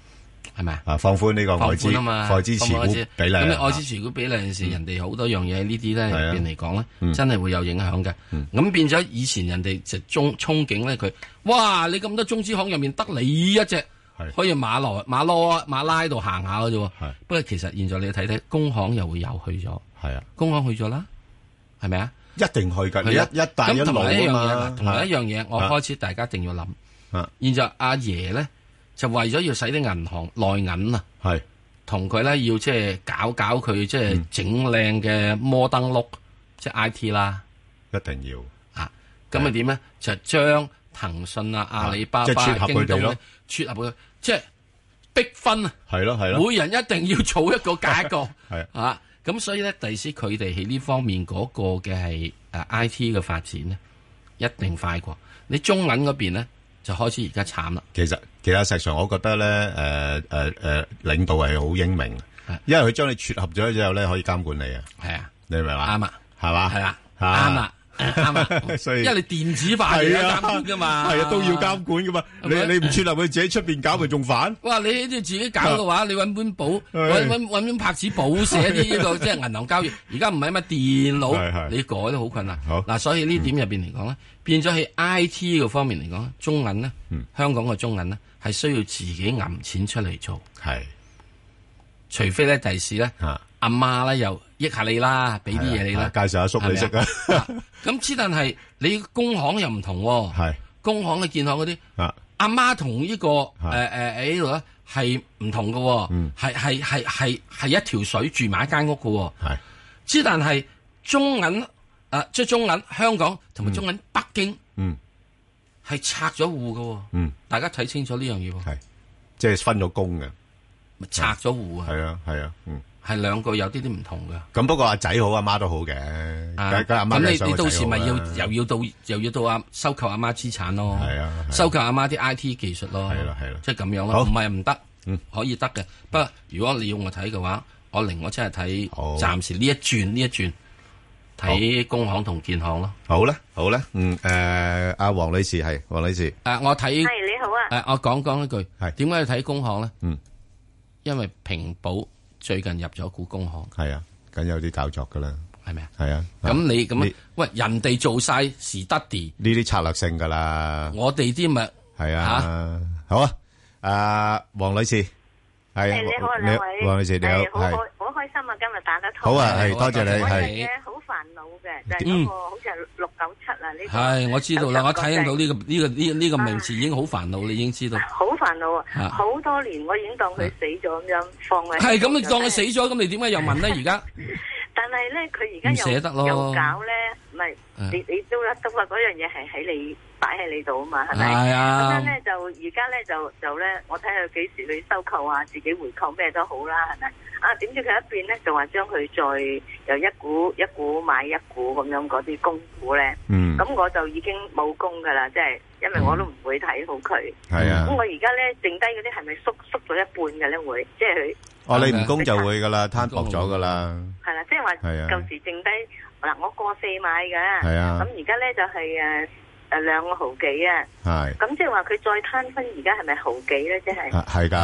係咪啊？放寬呢個外資啊嘛，外資持股比例咁，的你外資持股比例陣時、嗯、人哋好多樣嘢呢啲咧入邊嚟講咧，的嗯、真係會有影響嘅。咁、嗯、變咗以前人哋就憧憧憬咧，佢哇！你咁多中資行入面得你一隻。可以馬來馬攞馬拉度行下嘅啫喎，不過其實現在你睇睇，工行又會又去咗，係啊，工行去咗啦，係咪啊？一定去㗎，一帶一路啊同一樣嘢，我開始大家一定要諗。啊，現在阿爺咧就為咗要使啲銀行內銀啊，係同佢咧要即係搞搞佢即係整靚嘅摩登碌，即係 I T 啦，一定要啊。咁咪點咧？就將騰訊啊、阿里巴巴、京東合即係逼分啊！係咯係咯，每人一定要做一個解決。係啊 的，咁所以咧，第時佢哋喺呢方面嗰個嘅係誒 I T 嘅發展咧，一定快過、嗯、你中銀嗰邊咧就開始而家慘啦。其實其實實際上，石 Sir, 我覺得咧誒誒誒，領導係好英明，的因為佢將你撮合咗之後咧，可以監管你啊。係啊的，你明唔明？啱啊，係嘛？係啦，啱啊。係因為電子化而家監管噶嘛，係啊都要監管噶嘛。你你唔設立去自己出邊搞，咪仲反？哇！你喺自己搞嘅話，你搵，本簿搵搵本拍子簿寫呢？呢個即係銀行交易。而家唔係乜電腦，你改都好困難。嗱，所以呢點入邊嚟講咧，變咗喺 I T 個方面嚟講，中銀咧，香港嘅中銀咧，係需要自己揞錢出嚟做。係，除非咧第時咧阿媽咧又。益下你啦，俾啲嘢你啦。介紹阿叔認識啊。咁之但係你工行又唔同喎。係。工行嘅建行嗰啲。啊。阿媽同呢個誒誒喺呢度咧係唔同嘅。嗯。係係係係一條水住埋一間屋嘅。係。之但係中銀啊，即係中銀香港同埋中銀北京。嗯。係拆咗戶嘅。嗯。大家睇清楚呢樣嘢。係。即係分咗工嘅。咪拆咗戶啊！係啊係啊嗯。係兩個有啲啲唔同㗎。咁不過阿仔好，阿媽都好嘅。咁你你到時咪要又要到又要到阿收購阿媽資產咯？係啊，收購阿媽啲 I T 技術咯。係咯係咯，即係咁樣咯。唔係唔得，可以得嘅。不過如果你用我睇嘅話，我寧，我真係睇暫時呢一轉呢一轉，睇工行同建行咯。好啦，好啦。嗯，誒，阿黃女士係黃女士。誒，我睇係你好啊。誒，我講講一句係點解要睇工行咧？嗯，因為平保。最近入咗股工行，係啊，梗有啲搞作噶啦，係咪啊？係啊，咁你咁啊？喂，人哋做晒時得啲，呢啲策略性噶啦，我哋啲咪係啊？好啊，阿王女士，係你好，你好，王女士你好。好開心啊！今日打得通。好啊，係多謝你。係。嗰樣嘢好煩惱嘅，就係嗰個好似係六九七啊呢。係我知道啦，我睇到呢個呢個呢呢個名詞已經好煩惱，你已經知道。好煩惱啊！好多年我已經當佢死咗咁樣放喺。係咁，你當佢死咗，咁你點解又問咧？而家？但係咧，佢而家又捨得。又搞咧，唔係？你你都都話嗰樣嘢係喺你。擺喺你度啊嘛，係咪？係啊。咁樣咧就而家咧就就咧，我睇下幾時去收購啊，自己回購咩都好啦，係咪？啊，點知佢一邊咧就話將佢再又一股一股買一股咁樣嗰啲供股咧。嗯。咁我就已經冇供噶啦，即係因為我都唔會睇好佢。係啊。咁我而家咧剩低嗰啲係咪縮縮咗一半嘅咧？會，即係佢。哦，你唔供就會噶啦，攤落咗噶啦。係啦，即係話舊時剩低嗱，我過四買嘅。係啊。咁而家咧就係誒。誒，兩個毫幾啊！係，咁即係話佢再攤分，而家係咪毫幾咧？即係，係噶，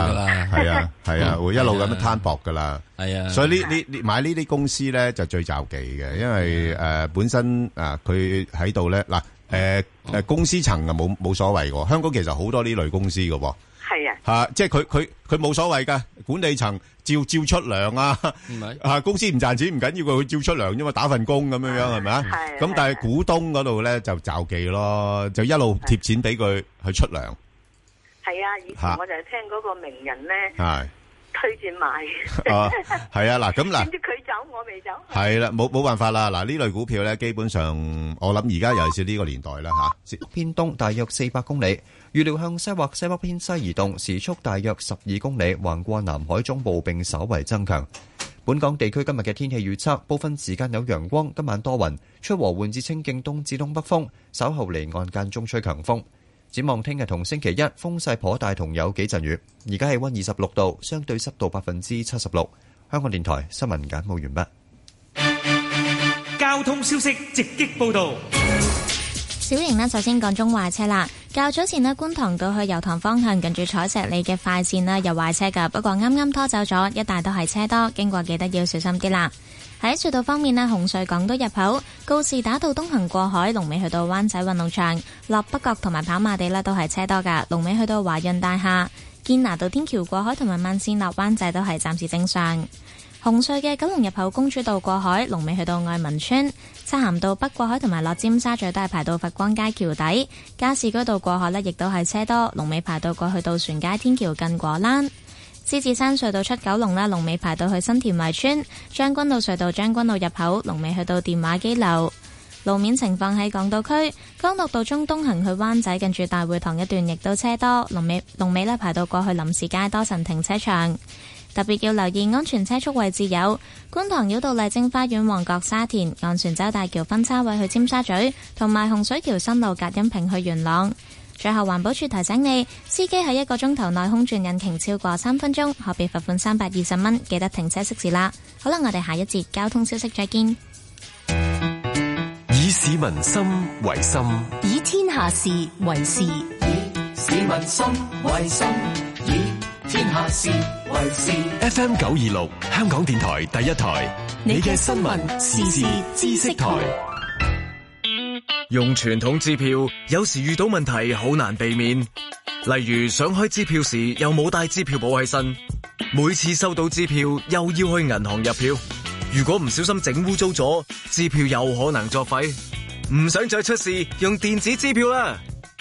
係啊，係啊，會一路咁樣攤薄噶啦，係啊。所以呢，呢，呢買呢啲公司咧就最造忌嘅，因為誒本身誒佢喺度咧嗱，誒誒公司層啊冇冇所謂噶，香港其實好多呢類公司噶喎，係啊，吓即係佢佢佢冇所謂噶管理層。照照出糧啊！ 啊，公司唔賺錢唔緊要，佢照出糧，因為打份工咁樣樣係咪啊？咁但係股東嗰度咧就就計咯，就一路貼錢俾佢去出糧。係啊，以前我就係聽嗰個名人咧。推薦買，係啊，嗱咁嗱，點知佢走我未走，係啦，冇冇辦法啦，嗱呢類股票咧，基本上我諗而家尤其是呢個年代啦，吓偏東大約四百公里，預料向西或西北偏西移動，時速大約十二公里，橫過南海中部並稍為增強。本港地區今日嘅天氣預測，部分時間有陽光，今晚多雲，吹和緩至清勁東至東北風，稍後離岸間中吹強風。展望聽日同星期一風勢頗大，同有幾陣雨。而家氣溫二十六度，相對濕度百分之七十六。香港電台新聞簡報完畢。交通消息直擊報道。小瑩呢，就先講中壞車啦。較早前呢，觀塘到去油塘方向，近住彩石里嘅快線啦，有壞車噶，不過啱啱拖走咗。一帶都係車多，經過記得要小心啲啦。喺隧道方面咧，紅隧港島入口告士打道東行過海，龍尾去到灣仔運動場；落北角同埋跑馬地咧都係車多噶，龍尾去到華潤大廈；堅拿道天橋過海同埋慢線落灣仔都係暫時正常。紅隧嘅九龍入口公主道過海，龍尾去到愛民村；漆咸道北過海同埋落尖沙咀都係排到佛光街橋底；加士居道過海呢亦都係車多，龍尾排到過去到船街天橋近果欄。獅子山隧道出九龍啦，龍尾排到去新田圍村；將軍澳隧道將軍澳入口，龍尾去到電話機樓。路面情況喺港島區，干諾道中東行去灣仔近住大會堂一段亦都車多，龍尾龍尾咧排到過去林士街多層停車場。特別要留意安全車速位置有：觀塘繞道麗晶花園、旺角沙田、昂船洲大橋分叉位去尖沙咀，同埋洪水橋新路隔音屏去元朗。最後，環保署提醒你，司機喺一個鐘頭內空轉引擎超過三分鐘，可被罰款三百二十蚊。記得停車熄匙啦。好啦，我哋下一節交通消息再見。以市民心為心，以天下事為事。以市民心為心，以天下事為事。F M 九二六，香港電台第一台，你嘅新聞時事知識台。用傳統支票，有時遇到問題好難避免，例如想開支票時又冇帶支票簿起身，每次收到支票又要去銀行入票，如果唔小心整污糟咗，支票有可能作廢。唔想再出事，用電子支票啦！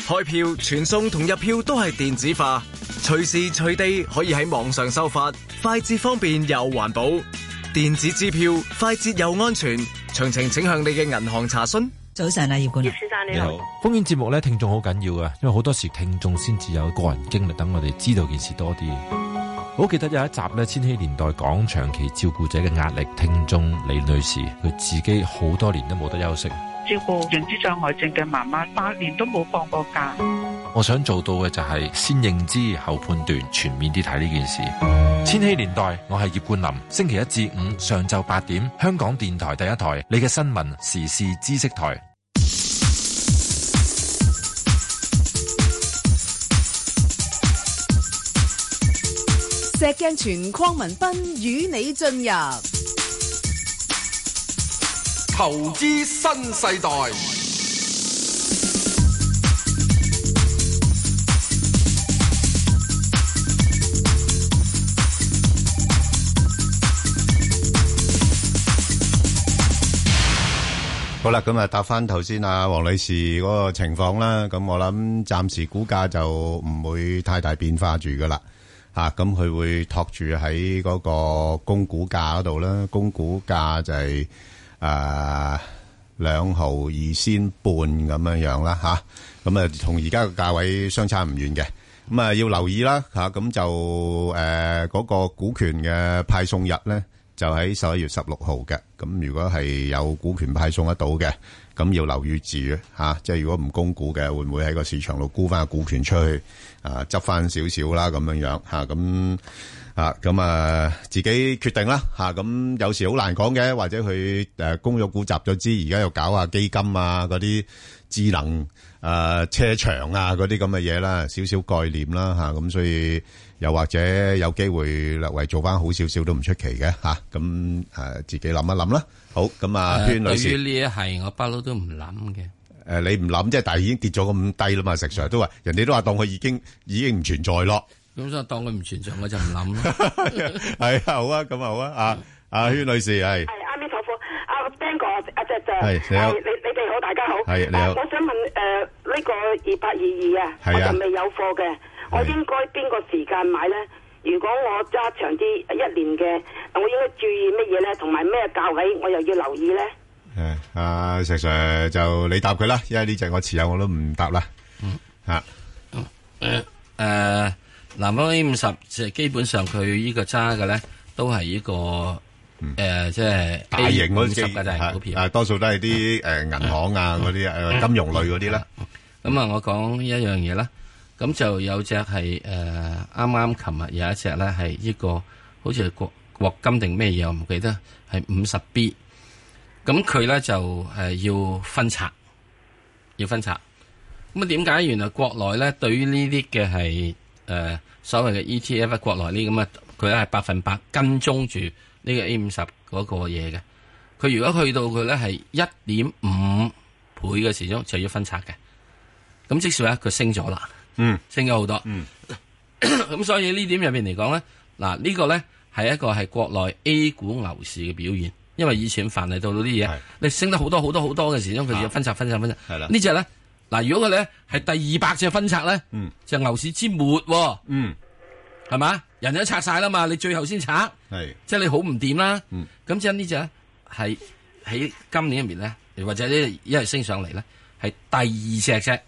開票、傳送同入票都係電子化，隨時隨地可以喺網上收發，快捷方便又環保。電子支票快捷又安全，詳情請向你嘅銀行查詢。早晨啊，葉冠南先生你好。烽煙節目咧，聽眾好緊要啊，因為好多時聽眾先至有個人經歷，等我哋知道件事多啲。我記得有一集咧，千禧年代講長期照顧者嘅壓力，聽眾李女士佢自己好多年都冇得休息。照顧認知障礙症嘅媽媽，八年都冇放過假。我想做到嘅就係先認知後判斷，全面啲睇呢件事。千禧年代，我係葉冠霖。星期一至五上晝八點，香港電台第一台，你嘅新聞時事知識台。石鏡泉、鄺民彬與你進入投資新世代。好啦，咁啊，答翻頭先啊，黃女士嗰個情況啦。咁我諗暫時股價就唔會太大變化住噶啦。啊，咁佢會托住喺嗰個供股價嗰度啦。供股價就係、是。誒，兩、啊、毫二仙半咁樣樣啦，吓，咁啊，同而家嘅價位相差唔遠嘅，咁啊要留意啦，吓、啊，咁、啊、就誒嗰、啊那個股權嘅派送日咧，就喺十一月十六號嘅，咁、啊、如果係有股權派送得到嘅，咁、啊、要留意住。吓、啊，即係如果唔供股嘅，會唔會喺個市場度沽翻個股權出去，啊，執翻少少啦，咁樣樣吓，咁、啊。啊啊啊啊啊，咁啊，自己決定啦吓，咁有時好難講嘅，或者佢誒，公用股集咗資，而家又搞下基金啊，嗰啲智能誒車場啊，嗰啲咁嘅嘢啦，少少概念啦吓，咁所以又或者有機會略為做翻好少少都唔出奇嘅吓，咁誒自己諗一諗啦。好，咁啊應該，軒女呢一係，我不嬲都唔諗嘅。誒，你唔諗，即係但係已經跌咗咁低啦嘛，成成日都話，人哋都話當佢已經已經唔存在咯。咁所以我當佢唔存在，我就唔諗咯。啊， 好啊，咁啊好啊，阿阿軒女士係。係阿咪淘貨，阿 thank you，一係你你哋好，大家好。係你好，啊，我想問誒，呢、呃這個二八二二啊，我仲未有貨嘅，我應該邊個時間買咧？是如果我揸長啲一年嘅，我應該注意乜嘢咧？同埋咩價位我又要留意咧？誒、啊，阿石 sir 就你答佢啦，因為呢隻我持有我都唔答啦。嗯，吓、啊，誒、嗯。啊。南方 A 五十，即係基本上佢呢個揸嘅咧，都係呢個誒，即係大型嗰隻嘅啫，股票。係多數都係啲誒銀行啊，啲誒金融類嗰啲啦。咁啊，我講一樣嘢啦。咁就有隻係誒，啱啱琴日有一隻咧，係呢個好似國國金定咩嘢，我唔記得，係五十 B。咁佢咧就誒要分拆，要分拆。咁啊，點解？原來國內咧，對於呢啲嘅係。誒、呃，所謂嘅 ETF 國內呢咁啊，佢咧係百分百跟蹤住呢個 A 五十嗰個嘢嘅。佢如果去到佢咧係一點五倍嘅時鐘就要分拆嘅。咁即使咧佢升咗啦，嗯，升咗好多，嗯，咁所以點面呢點入邊嚟講咧，嗱、這個、呢個咧係一個係國內 A 股牛市嘅表現，因為以前凡係到到啲嘢，的你升得好多好多好多嘅時鐘，佢就要分拆分拆分拆，係啦的，呢隻咧。嗱，如果佢咧係第二百隻分拆咧，嗯、就牛市之末、啊，嗯，係嘛？人都拆晒啦嘛，你最後先拆，係是即係你好唔掂啦。咁、嗯、即係呢只係喺今年入面咧，或者咧一日升上嚟咧，係第二隻啫，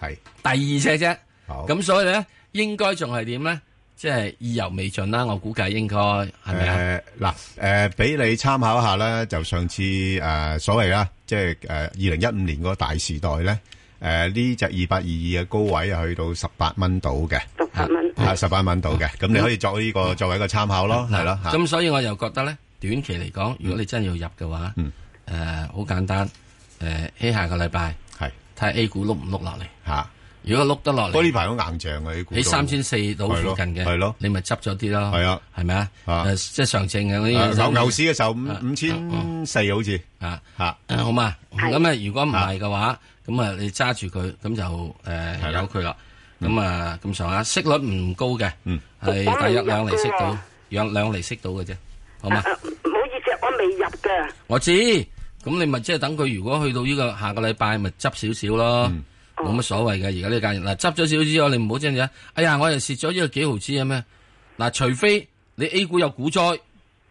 係是第二隻啫。咁好所以咧應該仲係點咧？即、就、係、是、意猶未盡啦。我估計應該係咪？嗱，誒俾、呃呃、你參考下啦。就上次誒、呃、所謂啦，即係誒二零一五年個大時代咧。誒呢隻二百二二嘅高位啊，去到十八蚊到嘅，十八蚊，啊十八蚊到嘅，咁你可以作呢個作為一個參考咯，係咯。咁所以我又覺得咧，短期嚟講，如果你真係要入嘅話，嗯，好簡單，誒喺下個禮拜係睇下 A 股碌唔碌落嚟嚇。如果碌得落嚟，嗰排好硬淨嘅喺三千四到附近嘅，係咯，你咪執咗啲咯，係啊，係咪啊？即係上證嘅啲，牛市嘅時候五五千四好似啊嚇，好嘛？咁啊，如果唔係嘅話。咁啊，你揸住佢，咁就誒由佢啦。咁啊，咁上下息率唔高嘅，係、嗯、大約兩厘息到，兩兩、啊、厘息到嘅啫。好嘛、啊？唔、啊、好意思，我未入嘅。我知，咁你咪即係等佢，如果去到呢個下個禮拜，咪執少少咯。冇乜、嗯、所謂嘅，而家呢間，嗱執咗少少，你唔好驚嘅。哎呀，我又蝕咗呢個幾毫子啊咩？嗱，除非你 A 股有股災，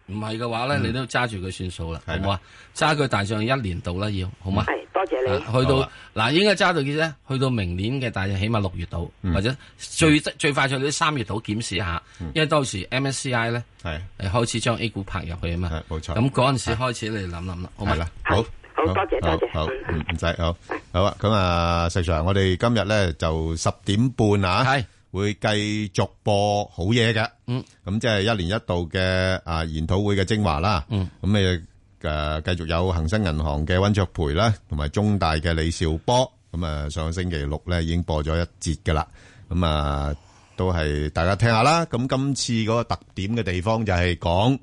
唔係嘅話咧，你都揸住佢算數啦、嗯，好嘛？揸佢的大上一年度啦，要好嘛？去到嗱，應該揸到幾多？去到明年嘅，大約起碼六月度，或者最最快就到三月度檢視下，因為當時 MSCI 咧係開始將 A 股拍入去啊嘛，冇錯。咁嗰陣時開始你諗諗啦，好唔好啦？好，好多謝多謝。好唔使好，好啊！咁啊，石 Sir，我哋今日咧就十點半啊，會繼續播好嘢嘅。嗯，咁即係一年一度嘅啊研討會嘅精華啦。嗯，咁你。嘅、啊、繼續有恒生銀行嘅溫卓培啦，同、啊、埋中大嘅李兆波，咁啊上個星期六咧已經播咗一節㗎喇，咁啊都係大家聽下啦。咁、啊、今次嗰個特點嘅地方就係講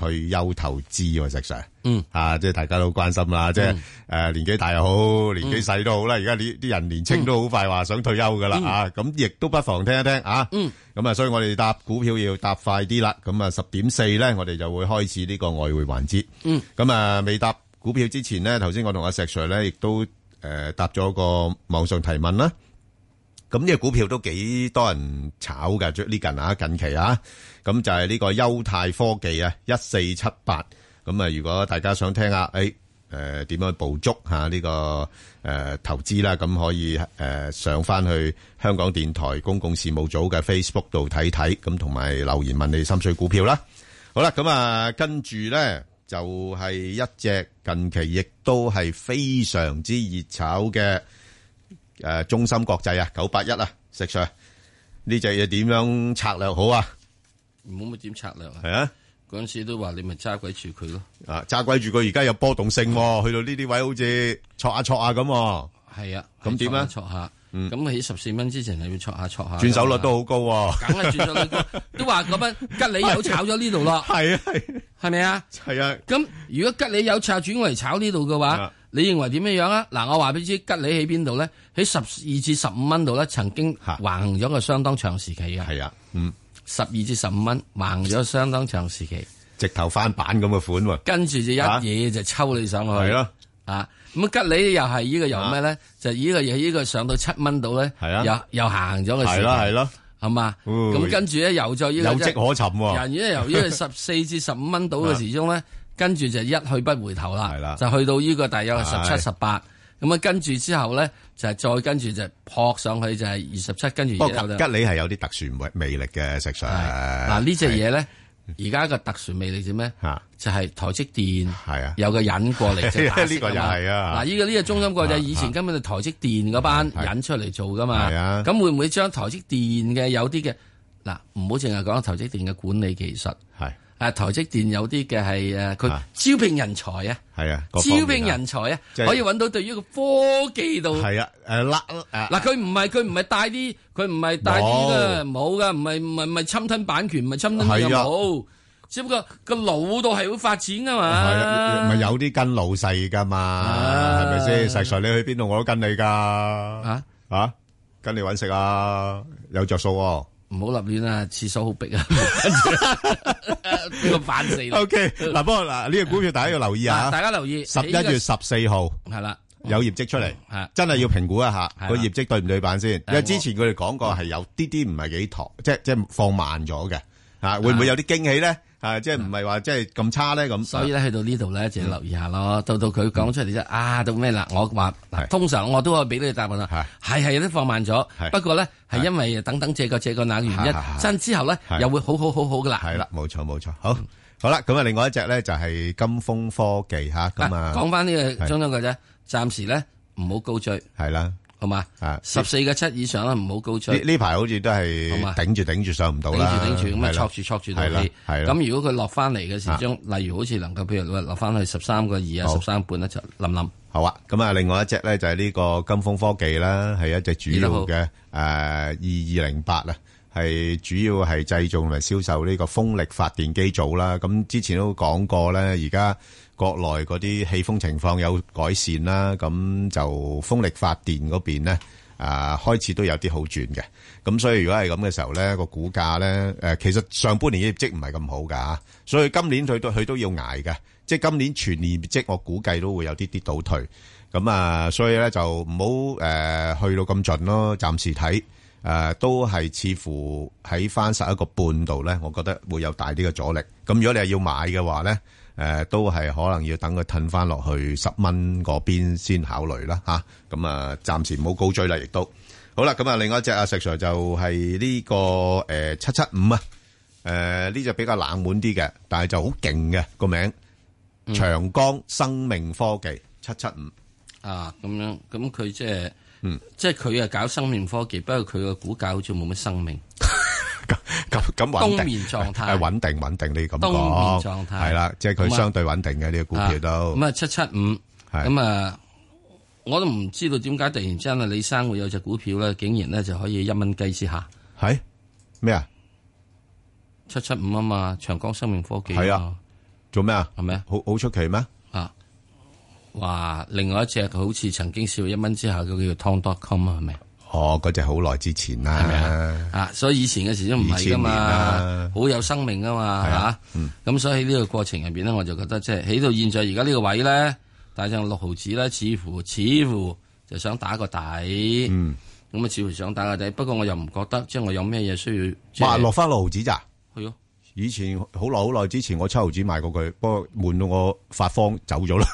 退休投資啊，石 Sir，嗯，啊，即係大家都好關心啦，即係誒、呃、年紀大又好，年紀細都好啦，而家啲啲人年青都好快話想退休噶啦，嗯、啊，咁亦都不妨聽一聽啊，嗯，咁啊，所以我哋搭股票要搭快啲啦，咁啊十點四咧，我哋就會開始呢個外匯環節，嗯，咁啊未搭股票之前呢，頭先我同阿石 Sir 咧亦都誒答咗個網上提問啦。咁呢個股票都幾多人炒㗎，最近啊，近期啊，咁就係呢個丘鈦科技啊，一四七八。咁啊，如果大家想聽下，誒，誒點樣捕捉下呢個誒投資啦，咁可以誒上返去香港電台公共事務組嘅 Facebook 度睇睇，咁同埋留言問你心水股票啦。好啦，咁啊，跟住呢就係一隻近期亦都係非常之熱炒嘅。誒，中心國際啊，九八一啊，石 Sir，呢隻嘢點樣策略好啊？冇乜點策略啊？係啊，嗰陣時都話你咪揸鬼住佢咯。啊，揸鬼住佢，而家有波動性，去到呢啲位好似戳下戳下咁。係啊，咁點啊？戳下，咁喺十四蚊之前又要戳下戳下。轉手率都好高喎。梗係轉手率高，都話嗰筆吉利有炒咗呢度咯。係啊，係咪啊？係啊。咁如果吉利有炒轉嚟炒呢度嘅話。你認為點樣樣啊？嗱，我話俾你知，吉利喺邊度咧？喺十二至十五蚊度咧，曾經橫行咗個相當長時期嘅。係啊，嗯，十二至十五蚊橫咗相當長時期。嗯、時期直頭翻版咁嘅款喎。跟住就一嘢就抽上你上去。係咯。啊，咁、啊、吉利又係呢個由咩咧？就呢、這個嘢，呢、這個、這個、上到七蚊度咧，又又行咗嘅。係咯係咯。係嘛？咁吧、哦、跟住咧、這個，又咗、哦、 呢個有跡可尋喎。由於由十四至十五蚊度嘅時鐘咧。跟住就一去不回頭啦，就去到呢個大約十七、十八，咁啊跟住之後咧就係再跟住就撲上去就係二十七，跟住不過吉里係有啲特殊魅力嘅食相。嗱呢隻嘢咧，而家個特殊魅力點咩？吓就係台積電係啊，有個引過嚟即係呢個又係啊。嗱呢個呢個中芯國際以前根本就台積電嗰班引出嚟做噶嘛。係啊，咁會唔會將台積電嘅有啲嘅嗱唔好淨係講台積電嘅管理技術係。啊！台積電有啲嘅係誒，佢招聘人才啊，係啊，那個、啊招聘人才啊，即可以揾到對於個科技度係啊誒，嗱佢唔係佢唔係帶啲，佢唔係帶啲嘅，冇噶、啊，唔係唔係唔係侵吞版權，唔係侵吞嘅冇、啊，不啊、只不過個老道係會發展噶嘛，唔咪有啲跟老細噶嘛，係咪先？實在你去邊度我都跟你噶，啊啊，跟你揾食啊，有着數、啊。唔好立亂，亂廁啊！廁所好逼啊！呢個反四，OK 嗱，不過嗱呢、呢個股票大家要留意下。 大家留意十一月十四號係啦， 有業績出嚟， 真係要評估一下個 業績對唔對版先， 因為之前佢哋講過係 有啲啲唔係幾堂，即係即係放慢咗嘅，吓會唔會有啲驚喜咧？啊，即係唔係話即係咁差咧咁，所以咧去到呢度咧就要留意下咯。到到佢講出嚟啫，啊到咩啦？我話嗱，通常我都會俾呢個答案啦。係係有啲放慢咗，不過咧係因為等等借個借個那原因，真之後咧又會好好好好噶啦。係啦，冇錯冇錯，好好啦。咁啊，另外一隻咧就係金豐科技吓咁啊。講翻呢個中央記啫，暫時咧唔好高追。係啦。同埋，啊，十四個七以上啦，唔好高出。呢排好似都係，同頂住頂住上唔到啦。住咁啊，托住托住到啲。係啦，係咁如果佢落翻嚟嘅時，將例如好似能夠，譬如落翻去十三個二啊，十三半咧就冧冧。呃、好啊，咁啊，另外一隻咧就係、是、呢個金風科技啦，係一隻主要嘅誒二二零八啊，係、呃、主要係製造同埋銷售呢個風力發電機組啦。咁之前都講過咧，而家。國內嗰啲氣風情況有改善啦，咁就風力發電嗰邊咧，啊、呃、開始都有啲好轉嘅。咁所以如果係咁嘅時候咧，個股價咧，誒、呃、其實上半年嘅業績唔係咁好㗎，嚇。所以今年佢都佢都要捱嘅，即係今年全年業績我估計都會有啲啲倒退。咁啊、呃，所以咧就唔好誒去到咁盡咯，暫時睇誒、呃、都係似乎喺翻十一個半度咧，我覺得會有大啲嘅阻力。咁如果你係要買嘅話咧，誒、呃，都係可能要等佢褪翻落去十蚊嗰邊先考慮啦吓，咁啊，暫、嗯、時唔好高追啦，亦都好啦。咁啊，另外一隻阿石 Sir 就係呢、這個誒、呃、七七五啊，誒呢隻比較冷門啲嘅，但係就好勁嘅個名，長江生命科技七七五啊，咁樣，咁佢即係，嗯，即係佢啊搞生命科技，不過佢個股價好似冇乜生命。 咁咁穩定，係穩定穩定，你咁講，係啦，即係佢相對穩定嘅呢個股票都咁啊，七七五，咁啊，我都唔知道點解突然之間啊，李生會有隻股票咧，竟然咧就可以一蚊雞之下，係咩啊？七七五啊嘛，長江生命科技係啊，做咩啊？係咩？好好出奇咩？啊，哇！另外一隻好似曾經試過一蚊之下，嗰叫 Tom.com 啊，係咪？哦，嗰隻好耐之前啦、啊，係咪啊，所以以前嘅事都唔係噶嘛，好、啊、有生命噶嘛，吓、啊，咁、嗯啊、所以喺呢個過程入邊咧，我就覺得即係、就是、起到現在而家呢個位咧，帶上六毫子咧，似乎似乎就想打個底，咁啊、嗯、似乎想打個底，不過我又唔覺得，即、就、係、是、我有咩嘢需要，落、就、翻、是、六毫子咋？係咯、啊。以前好耐好耐之前，我七毫子買過佢，不過悶到我發慌走咗啦。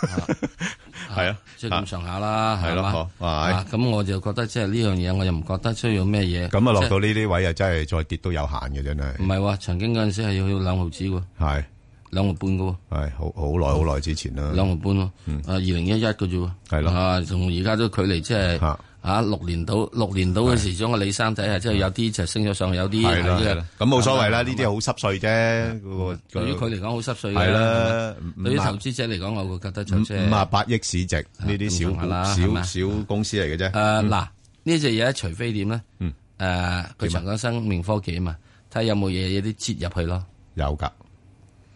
係啊，即係咁上下啦，係咯，咁我就覺得即係呢樣嘢，我又唔覺得需要咩嘢。咁啊，落到呢啲位啊，真係再跌都有限嘅，真係。唔係喎，曾經嗰陣時係要兩毫子喎。係兩毫半嘅。係好好耐好耐之前啦。兩毫半咯，啊二零一一嘅啫。係咯。啊，從而家都距離即係。啊，六年到六年到嘅時鐘嘅李生仔啊，即係有啲就升咗上去，有啲係啦，咁冇所謂啦，呢啲好濕碎啫。對於佢嚟講，好濕碎。係啦，對於投資者嚟講，我會覺得就即係五啊八億市值呢啲小小小公司嚟嘅啫。誒，嗱，呢隻嘢除非點咧？誒，佢長江生命科技啊嘛，睇下有冇嘢有啲切入去咯。有噶，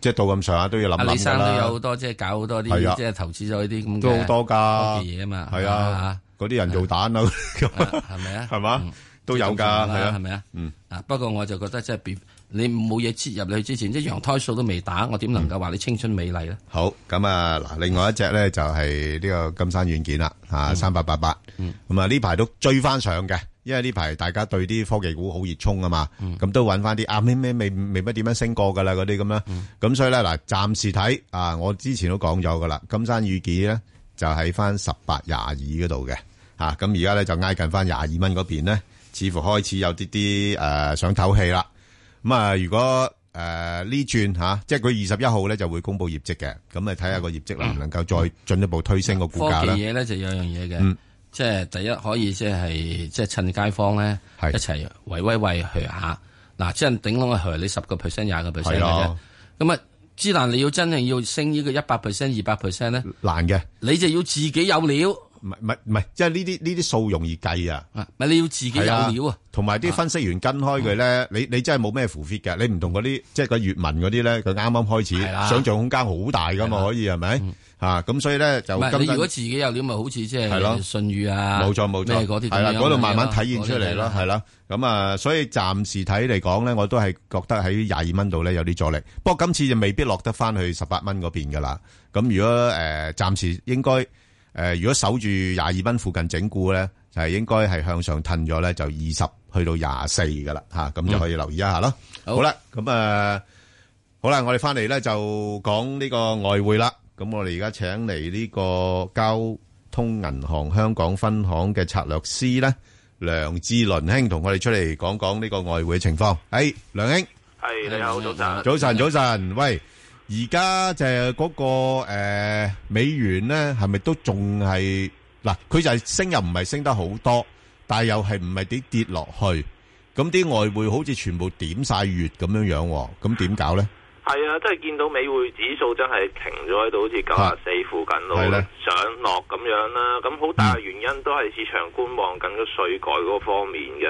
即係到咁上下都要諗。李生都有好多，即係搞好多啲，即係投資咗呢啲咁，好多噶嘅嘢啊嘛。係啊，吓。嗰啲人造蛋咯，係咪啊？係嘛，都有噶，係咪啊？嗯，嗱，不過我就覺得即係別，你冇嘢切入去之前，啲羊胎素都未打，我點能夠話你青春美麗咧？好，咁啊，嗱，另外一隻咧就係呢個金山軟件啦，啊，三八八八，咁啊呢排都追翻上嘅，因為呢排大家對啲科技股好熱衷啊嘛，咁都揾翻啲啊咩咩未未乜點樣升過噶啦嗰啲咁啦，咁所以咧嗱，暫時睇啊，我之前都講咗噶啦，金山軟件咧就喺翻十八廿二嗰度嘅。啊，咁而家咧就挨近翻廿二蚊嗰邊咧，似乎開始有啲啲誒想唞氣啦。咁啊，如果誒呢轉嚇，即係佢二十一號咧就會公布業績嘅，咁啊睇下個業績能唔能夠再進一步推升個股價咧？科技嘢咧就有樣嘢嘅，即係第一可以即係即係趁街坊咧一齊維威惠賀下。嗱，即係頂籠係你十個 percent、廿個 percent 咁啊，之但你要真係要升呢個一百 percent、二百 percent 咧，難嘅。你就要自己有料。唔係唔係唔係，即係呢啲呢啲數容易計啊！唔係你要自己有料啊，同埋啲分析員跟開佢咧，你你真係冇咩 fit 嘅，你唔同嗰啲即係個粵文嗰啲咧，佢啱啱開始，想象空間好大噶嘛，可以係咪？吓，咁所以咧就唔係你如果自己有料咪好似即係信譽啊，冇錯冇錯，係啦，嗰度慢慢體現出嚟咯，係啦咁啊，所以暫時睇嚟講咧，我都係覺得喺廿二蚊度咧有啲阻力，不過今次就未必落得翻去十八蚊嗰邊噶啦。咁如果誒暫時應該。誒，如果守住廿二蚊附近整固咧，就係應該係向上褪咗咧，就二十去到廿四噶啦，吓咁就可以留意一下咯。好啦，咁誒，好啦，我哋翻嚟咧就講呢個外匯啦。咁我哋而家請嚟呢個交通銀行香港分行嘅策略師咧，梁志倫兄同我哋出嚟講講呢個外匯嘅情況。係梁兄，係你好，早晨，早晨，早晨，喂。而家就係嗰個誒、呃、美元咧，係咪都仲係嗱？佢就係升又唔係升得好多，但係又係唔係啲跌落去，咁啲外匯好似全部點晒月咁樣、啊、樣，咁點搞咧？係啊，即係見到美匯指數真係停咗喺度，好似九十四附近咯，上落咁樣啦。咁好、啊、大嘅原因都係市場觀望緊個稅改嗰方面嘅。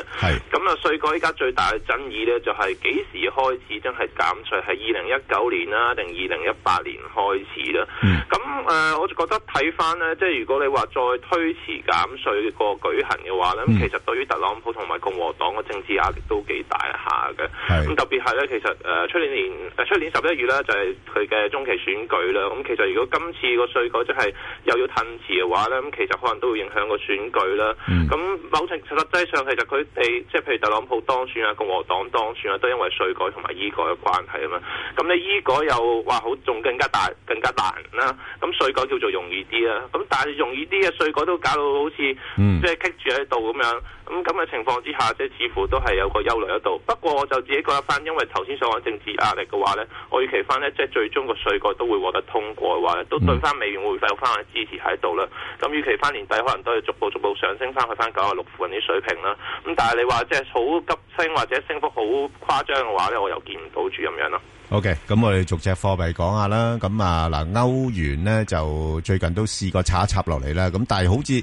咁啊是，稅改依家最大嘅爭議呢，就係、是、幾時開始真係減稅，係二零一九年啦，定二零一八年開始啦。咁誒、嗯呃，我就覺得睇翻呢，即係如果你話再推遲減稅個舉行嘅話呢，嗯、其實對於大特朗普同埋共和黨嘅政治壓力都幾大下嘅，咁是特別係咧，其實誒出、呃、年年誒出年十一月咧，就係佢嘅中期選舉啦。咁、嗯、其實如果今次個稅改真係又要褪遲嘅話咧，咁其實可能都會影響個選舉啦。咁、嗯、某程度實際上其就佢哋，即係譬如特朗普當選啊、共和黨當選啊，都因為稅改同埋醫改嘅關係啊嘛。咁你醫改又哇好仲更加大、更加難啦、啊。咁稅改叫做容易啲啊。咁但係容易啲嘅稅改都搞到好似即係棘住喺度咁樣。嗯咁咁嘅情況之下，即係似乎都係有個憂慮喺度。不過我就自己覺得翻，因為頭先所講政治壓力嘅話呢，我預期翻呢，即係最終個稅改都會獲得通過嘅話呢，都對翻美元匯率有翻嘅支持喺度啦。咁、嗯、預期翻年底可能都係逐步逐步上升翻去翻九啊六附近啲水平啦。咁、嗯、但係你話即係好急升或者升幅好誇張嘅話呢，我又見唔到住咁樣咯。OK，咁我哋逐隻貨幣講下啦。咁啊嗱，歐元呢就最近都試過插一插落嚟啦。咁但係好似。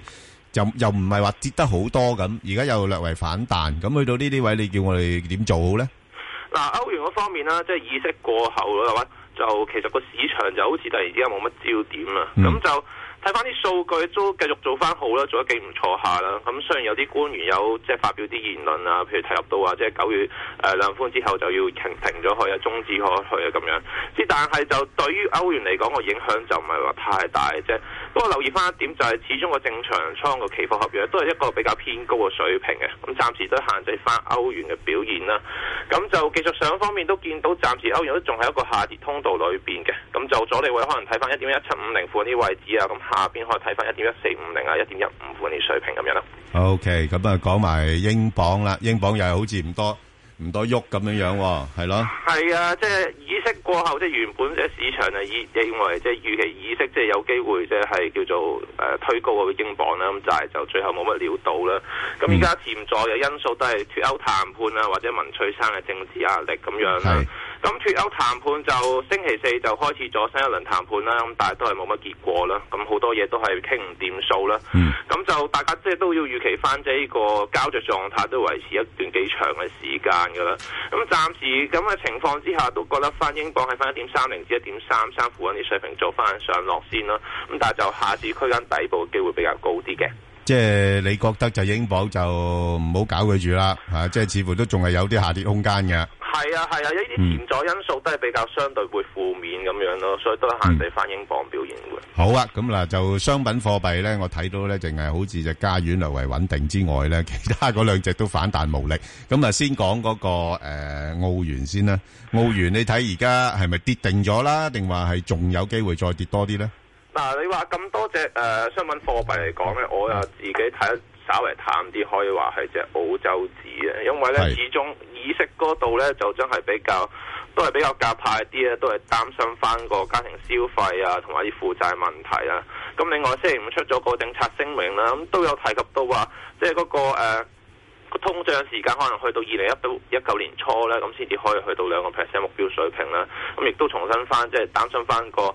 又又唔係話跌得好多咁，而家又略為反彈，咁去到呢啲位，你叫我哋點做好呢？嗱，歐元嗰方面啦，即係議息過後啦，係嘛？就其實個市場就好似突然之間冇乜焦點啦，咁、嗯、就。睇翻啲數據都繼續做翻好啦，做得幾唔錯下啦。咁、嗯、雖然有啲官員有即係發表啲言論啊，譬如提及到話即係九月誒量寬之後就要停停咗去啊，中止咗去啊咁樣。之但係就對於歐元嚟講個影響就唔係話太大啫。不過留意翻一點就係、是、始終個正常倉個期貨合約都係一個比較偏高嘅水平嘅。咁、嗯、暫時都限制翻歐元嘅表現啦。咁、嗯、就技術上方面都見到，暫時歐元都仲係一個下跌通道裏邊嘅。咁、嗯、就阻力位可能睇翻一點一七五零附近啲位置啊咁。嗯嗯嗯下邊可以睇翻一點一四五零啊，一點一五半年水平咁樣咯。OK，咁啊講埋英鎊啦，英鎊又係好似唔多唔多喐咁樣樣喎，係咯。係啊，即係議息過後，即、就、係、是、原本嘅市場係以認為即係預期議息即係有機會即係叫做誒、呃、推高個英鎊啦。咁就係就最後冇乜料到啦。咁而家潛在嘅因素都係脫歐談判啊，或者文翠珊嘅政治壓力咁樣啦。嗯咁脱歐談判就星期四就開始咗新一輪談判啦，咁但係都係冇乜結果啦，咁好多嘢都係傾唔掂數啦。咁、嗯、就大家即係都要預期翻，即係呢個膠着狀態都維持一段幾長嘅時間噶啦。咁暫時咁嘅情況之下，都覺得翻英鎊係翻一點三零至一點三三附近啲水平做翻上落先啦。咁但係就下次區間底部嘅機會比較高啲嘅。即係你覺得就就英鎊就唔好搞佢住啦，吓、啊！即係似乎都仲係有啲下跌空間嘅。係啊係啊，一啲潛在因素都係比較相對會負面咁樣咯，所以都係限地反映磅表現嘅。好啊，咁嗱就商品貨幣咧，我睇到咧淨係好似隻加元略為穩定之外咧，其他嗰兩隻都反彈無力。咁啊，先講嗰個誒澳元先啦。澳元你睇而家係咪跌定咗啦？定話係仲有機會再跌多啲咧？嗱，你話咁多隻誒商品貨幣嚟講咧，我又自己睇，稍微淡啲可以話係隻澳洲紙啊，因為咧是始終意識嗰度咧就真係比較都係比較夾派啲咧，都係擔心翻個家庭消費啊，同埋啲負債問題啊。咁另外星期五出咗個政策聲明啦，咁都有提及到話即係嗰個、呃個通脹時間可能去到二零一九一九年初咧，咁先至可以去到兩個 percent 目標水平啦。咁亦都重新翻，即係擔心翻個誒誒、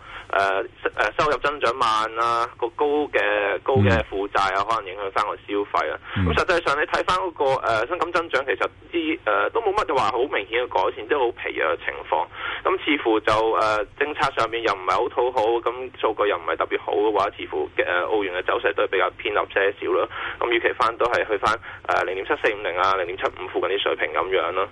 呃、收入增長慢啊，個高嘅高嘅負債啊，可能影響翻個消費啊。咁、嗯、實際上你睇翻嗰個誒薪金增長，其實啲誒、呃、都冇乜話好明顯嘅改善，即係好疲弱嘅情況。咁似乎就誒、呃、政策上面又唔係好討好，咁數據又唔係特別好嘅話，似乎嘅澳、呃、元嘅走勢都比較偏弱些少啦。咁預期翻都係去翻誒零點七四五零啊，零點七五附近啲水平咁樣咯。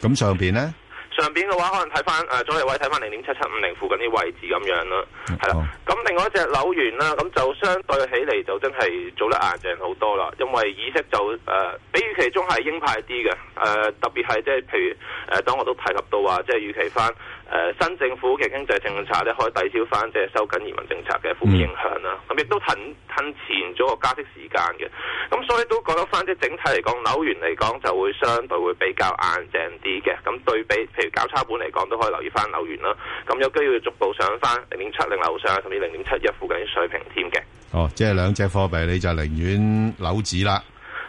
咁上邊呢？上邊嘅話，可能睇翻誒，左右位睇翻零點七七五零附近啲位置咁樣咯。係啦、哦。咁另外一隻紐元啦，咁就相對起嚟就真係做得硬淨好多啦。因為意識就誒、呃，比預期中係鷹派啲嘅。誒、呃，特別係即係譬如誒、呃，當我都提及到話，即、就、係、是、預期翻。誒、呃、新政府嘅經濟政策咧，可以抵消翻即係收緊移民政策嘅負面影響啦。咁亦、嗯啊、都騰騰前咗個加息時間嘅。咁、啊、所以都覺得翻即整體嚟講，紐元嚟講就會相對會比較硬淨啲嘅。咁對比，譬如交叉盤嚟講，都可以留意翻紐元啦。咁有機會逐步上翻零點七零樓上，甚至零點七一附近啲水平添嘅。哦，即係兩隻貨幣你就寧願紐紙啦。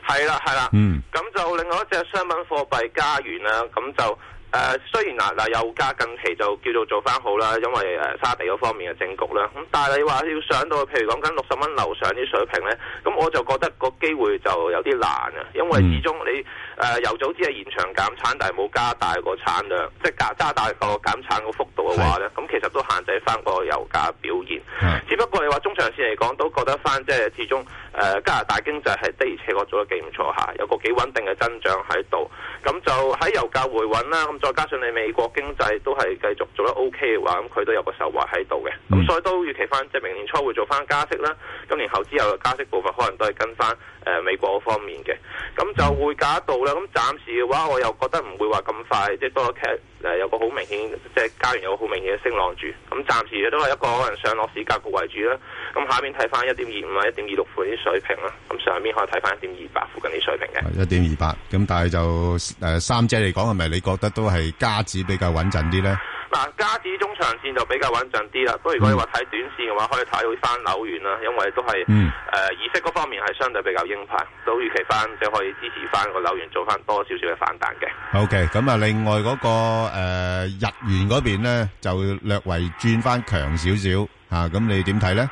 係啦，係啦。嗯。咁就另外一隻商品貨幣加元啦。咁、啊、就。誒、呃、雖然嗱嗱油價近期就叫做做翻好啦，因為誒、呃、沙地嗰方面嘅政局啦，咁但係你話要上到譬如講緊六十蚊樓上啲水平咧，咁我就覺得個機會就有啲難啊，因為始終你誒油、呃、組織係延長減產，但係冇加大個產量，即係加加大個減產個幅度嘅話咧，咁是其實都限制翻個油價表現。嗯、只不過你話中長線嚟講都覺得翻、就是，即係始終誒、呃、加拿大經濟係的而且確做得幾唔錯嚇，有個幾穩定嘅增長喺度，咁就喺油價回穩啦。再加上你美國經濟都係繼續做得 OK 嘅話，咁佢都有個受惠喺度嘅，咁所以都預期翻即係明年初會做翻加息啦。咁然後之後嘅加息部分可能都係跟翻誒美國方面嘅，咁就會加到啦。咁暫時嘅話，我又覺得唔會話咁快，即係多誒有個好明顯，即係加完有個好明顯嘅升浪住，咁暫時都係一個可能上落市格局為主啦。咁下邊睇翻一點二五啊，一點二六附近啲水平啦。咁上邊可以睇翻一點二八附近啲水平嘅一點二八。咁但係就誒三姐嚟講，係咪你覺得都係加指比較穩陣啲呢？嗱，加指、嗯、中長線就比較穩陣啲啦。不過，如果你話睇短線嘅話，可以睇到翻紐元啦，因為都係誒、嗯呃、意識嗰方面係相對比較鷹派，都預期翻即可以支持翻個紐元做翻多少少嘅反彈嘅。O K，咁啊，另外嗰、那個、呃、日元嗰邊咧，就略為轉翻強少少嚇，咁、啊、你點睇咧？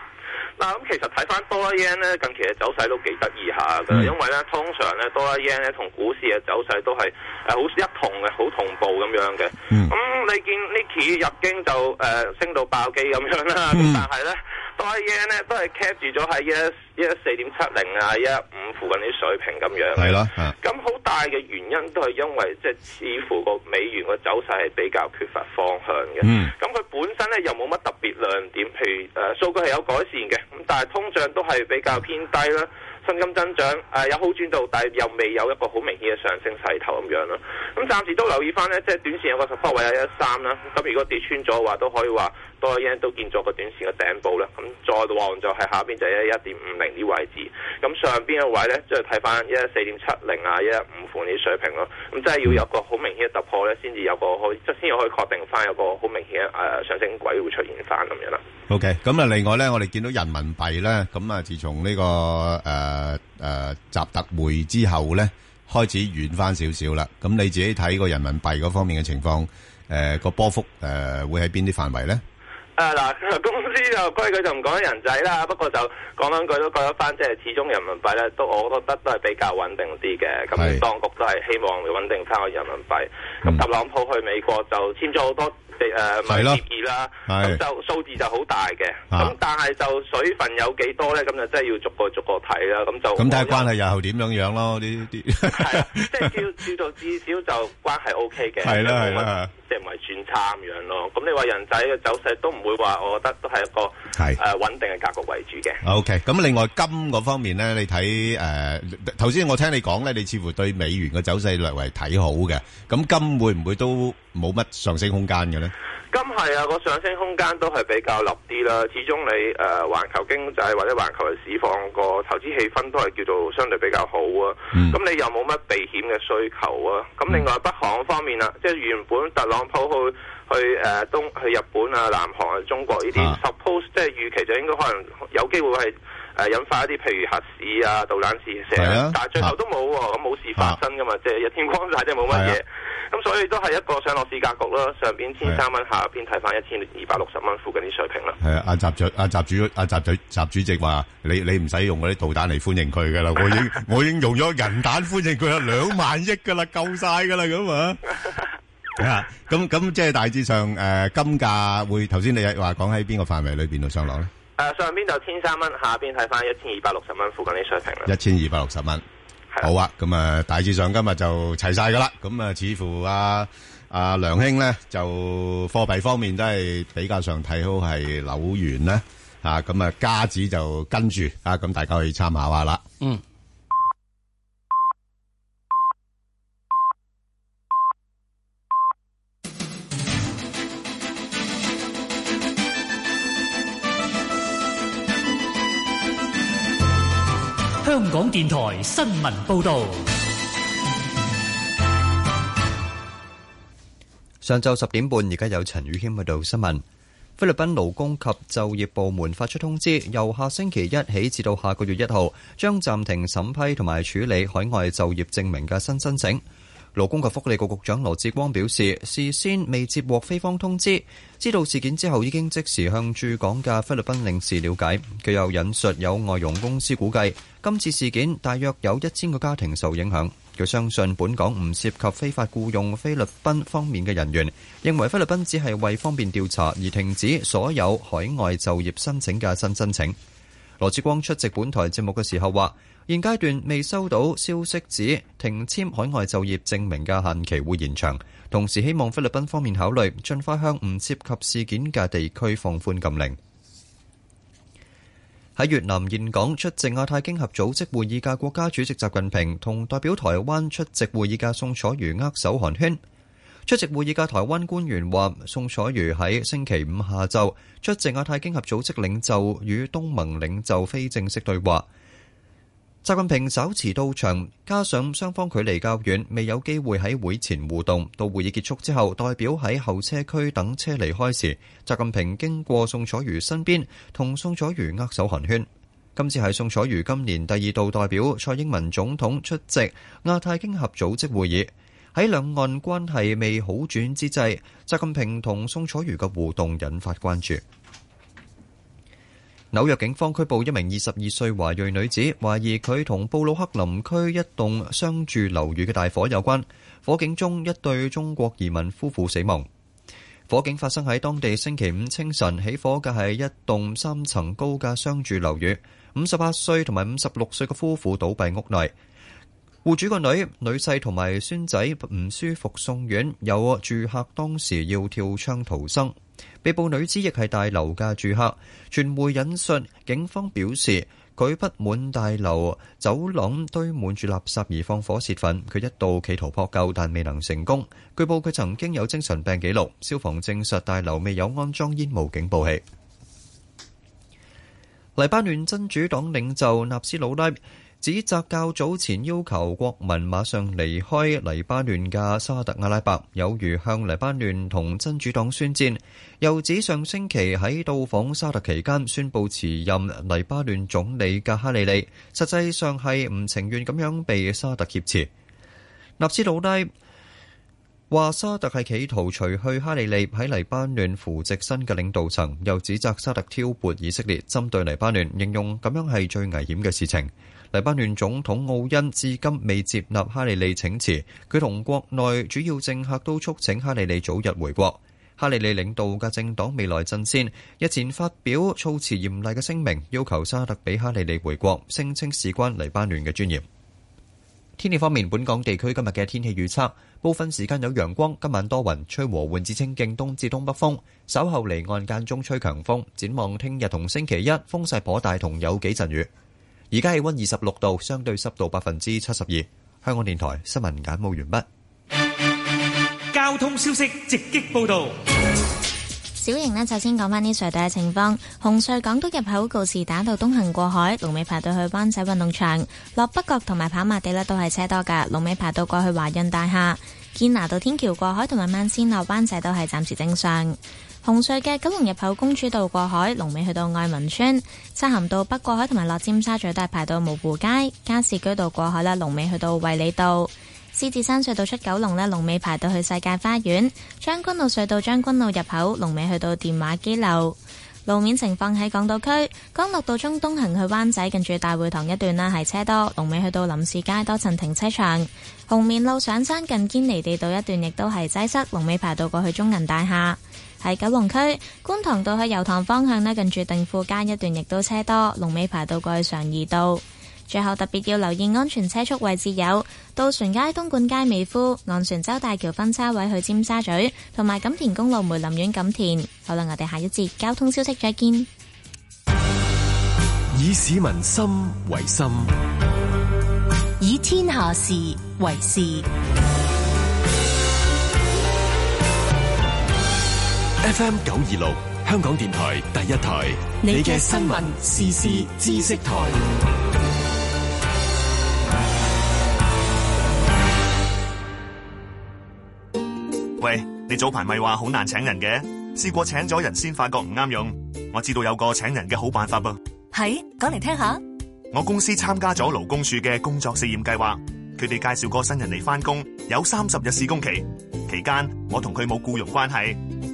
嗱，咁、嗯、其實睇返哆啦 A 咧，近期嘅走勢都幾得意下嘅，因為咧，通常咧哆啦 A 咧同股市嘅走勢都係誒好一同嘅，好同步咁樣嘅。咁、嗯嗯、你見 Nike 入京就誒、呃、升到爆機咁樣啦，咁但係咧。嗯嗯兌嘢都係 keep 住咗喺一一四點七零啊一一五附近啲水平咁樣，係咯，咁好大嘅原因都係因為即係、就是、似乎個美元嘅走勢係比較缺乏方向嘅，咁佢、嗯、本身咧又冇乜特別亮點，譬如誒、呃、數據係有改善嘅，咁但係通脹都係比較偏低啦，薪金增長誒、呃、有好轉度，但係又未有一個好明顯嘅上升勢頭咁樣啦，咁暫時都留意翻咧，即、就、係、是、短線有個十波位有一一三啦，咁如果跌穿咗嘅話都可以話。多嘢都見咗個短線嘅頂部咧，咁再往就係下邊就一一點五零啲位置，咁上邊嘅位咧即係睇翻一一四點七零啊，一一五款啲水平咯，咁即係要有個好明顯嘅突破咧，先至有個好即先至可以確定翻有個好明顯誒、呃、上升軌會出現翻咁樣啦。OK，咁啊另外咧，我哋見到人民幣咧，咁啊自從呢、這個誒誒、呃呃、習特會之後咧，開始軟翻少少啦。咁你自己睇個人民幣嗰方面嘅情況，誒、呃、個波幅誒會喺邊啲範圍咧？啊嗱，公司就規矩就唔講人仔啦，不過就講兩句都過得翻，即係始終人民幣咧，都我覺得都係比較穩定啲嘅。咁當局都係希望穩定翻個人民幣。咁特朗普去美國就簽咗好多誒文協議啦，咁就數字就好大嘅。咁但係就水分有幾多咧？咁就真係要逐個逐個睇啦。咁就咁睇下關係又後點樣樣咯。呢啲即係叫叫做至少就關係 OK 嘅。係啦，係啦。即係唔係轉差咁樣咯？咁你話人仔嘅走勢都唔會話，我覺得都係一個係誒穩定嘅格局為主嘅。OK，咁另外金嗰方面呢，你睇誒頭先我聽你講呢，你似乎對美元嘅走勢略為睇好嘅，咁金會唔會都冇乜上升空間嘅呢？咁係啊，個上升空間都係比較立啲啦。始終你誒環球經濟或者環球嘅市況個投資氣氛都係叫做相對比較好啊。咁你又冇乜避險嘅需求啊。咁另外北韓方面啊，即係原本特朗普去去誒東去日本啊、南韓啊、中國呢啲，suppose 即係預期就應該可能有機會係。 誒、啊、引發一啲譬如核試啊、導彈試射，啊、但係最後都冇喎、啊，咁冇事發生噶嘛，啊、即係日天光晒，即係冇乜嘢。咁、啊、所以都係一個上落市格局啦，上邊千三蚊，下邊睇翻一千二百六十蚊附近啲水平啦。係啊，阿習著阿習主阿、啊、習主、啊、習、主習主席話：你你唔使用嗰啲導彈嚟歡迎佢㗎啦，我已經 我已經用咗人彈歡迎佢，兩萬億㗎啦，夠晒㗎啦，咁 啊。啊，咁咁即係大致上誒、呃、金價會頭先你話講喺邊個範圍裏邊度上落咧？誒，上邊就千三蚊，下邊睇返一千二百六十蚊附近啲水平啦。一千二百六十蚊，好啊，咁啊，大致上今日就齊晒噶啦。咁啊，似乎啊，阿、啊、梁兄咧就貨幣方面都係比較上睇好係紐元啦。吓咁啊，加子就跟住啊，咁大家可以參考下啦。嗯。香港電台新聞報道：上晝十點半，而家有陳宇謙喺度。新聞：菲律賓勞工及就業部門發出通知，由下星期一起至到下個月一號，將暫停審批同埋處理海外就業證明嘅新申請。勞工及福利局局長羅致光表示，事先未接獲菲方通知，知道事件之後已經即時向駐港嘅菲律賓領事了解。佢又引述有外傭公司估計。今次事件,大約有一千個家庭受影響,佢相信本港唔涉及非法僱傭菲律賓方面嘅人員,認為菲律賓只係為方便調查,而停止所有海外就業申請嘅新申請。羅志光出席本台節目嘅時候話,現階段未收到消息指,停簽海外就業證明嘅限期會延長,同時希望菲律賓方面考慮,盡快向唔涉及事件嘅地區放寬禁令。喺越南峴港出席亞太經合組織會議嘅國家主席習近平同代表台灣出席會議嘅宋楚瑜握手寒暄。出席會議嘅台灣官員話宋楚瑜喺星期五下晝出席亞太經合組織領袖與東盟領袖非正式對話。習近平稍遲到場，加上雙方距離較遠，未有機會喺會前互動。到會議結束之後，代表喺候車區等車離開時，習近平經過宋楚瑜身邊，同宋楚瑜握手寒暄。今次係宋楚瑜今年第二度代表蔡英文總統出席亞太經合組織會議。喺兩岸關係未好轉之際，習近平同宋楚瑜嘅互動引發關注。紐約警方拘捕一名二十二歲華裔女子，懷疑佢同布魯克林區一棟商住樓宇嘅大火有關。火警中一對中國移民夫婦死亡。火警發生喺當地星期五清晨，起火嘅係一棟三層高嘅商住樓宇。五十八歲同埋五十六歲嘅夫婦倒斃屋內，戶主個女、女婿同埋孫仔唔舒服送院，有個住客當時要跳窗逃生。被捕女子亦係大樓嘅住客，傳媒引述警方表示，佢不滿大樓走廊堆滿住垃圾而放火泄憤，佢一度企圖撲救但未能成功。據報佢曾經有精神病記錄，消防證實大樓未有安裝煙霧警報器。黎巴嫩真主黨領袖納斯魯拉。指責較早前要求國民馬上離開黎巴嫩嘅沙特阿拉伯，有如向黎巴嫩同真主黨宣戰。又指上星期喺到訪沙特期間宣布辭任黎巴嫩總理嘅哈里利，實際上係唔情願咁樣被沙特挾持。納斯魯拉話，沙特係企圖除去哈里利喺黎巴嫩扶植新嘅領導層，又指責沙特挑撥以色列針對黎巴嫩，形容咁樣係最危險嘅事情。黎巴嫩總統奧恩至今未接納哈利利請辭，佢同國內主要政客都促請哈利利早日回國。哈利利領導嘅政黨未來陣線日前發表措辭嚴厲嘅聲明，要求沙特俾哈利利回國，聲稱事關黎巴嫩嘅尊嚴。天氣方面，本港地區今日嘅天氣預測，部分時間有陽光，今晚多雲，吹和緩至清勁東至東北風，稍後離岸間中吹強風，展望聽日同星期一風勢頗大，同有幾陣雨。而家氣溫二十六度，相對濕度百分之七十二。香港電台新聞簡報完畢。交通消息直擊報道。小瑩呢，就先講翻呢隧道嘅情況。紅隧港島入口告士打道東行過海，龍尾排到去灣仔運動場。落北角同埋跑馬地呢都係車多㗎，龍尾排到過去華潤大廈、堅拿道天橋過海同埋萬仙落灣仔都係暫時正常。.紅隧嘅九龍入口，公主道過海，龍尾去到愛民村；漆咸道北過海同埋落尖沙咀，都係排到蕪湖街。加士居道過海咧，龍尾去到衛理道。獅子山隧道出九龍咧，龍尾排到去世界花園。將軍路隧道，將軍路入口，龍尾去到電話機樓。路面情況喺港島區，江樂道中東行去灣仔，近住大會堂一段啦，係車多，龍尾去到林士街多層停車場。紅棉路上山近堅尼地道一段，亦都係擠塞，龍尾排到過去中銀大廈。喺九龍區觀塘道去油塘方向咧，近住定富街一段亦都車多，龍尾排到過去常怡道。最後特別要留意安全車速位置有：渡船街、東莞街、美孚、昂船洲大橋分叉位去尖沙咀，同埋錦田公路梅林苑錦田。好啦，我哋下一節交通消息再見。以市民心為心，以天下事為事。F M 九二六香港電台第一台，你嘅新聞時事知識台。喂，你早排咪話好難請人嘅？試過請咗人先發覺唔啱用。我知道有個請人嘅好辦法噃。係？講嚟聽下。我公司參加咗勞工處嘅工作試驗計劃，佢哋介紹過新人嚟返工，有三十日試工期，期間我同佢冇僱傭關係。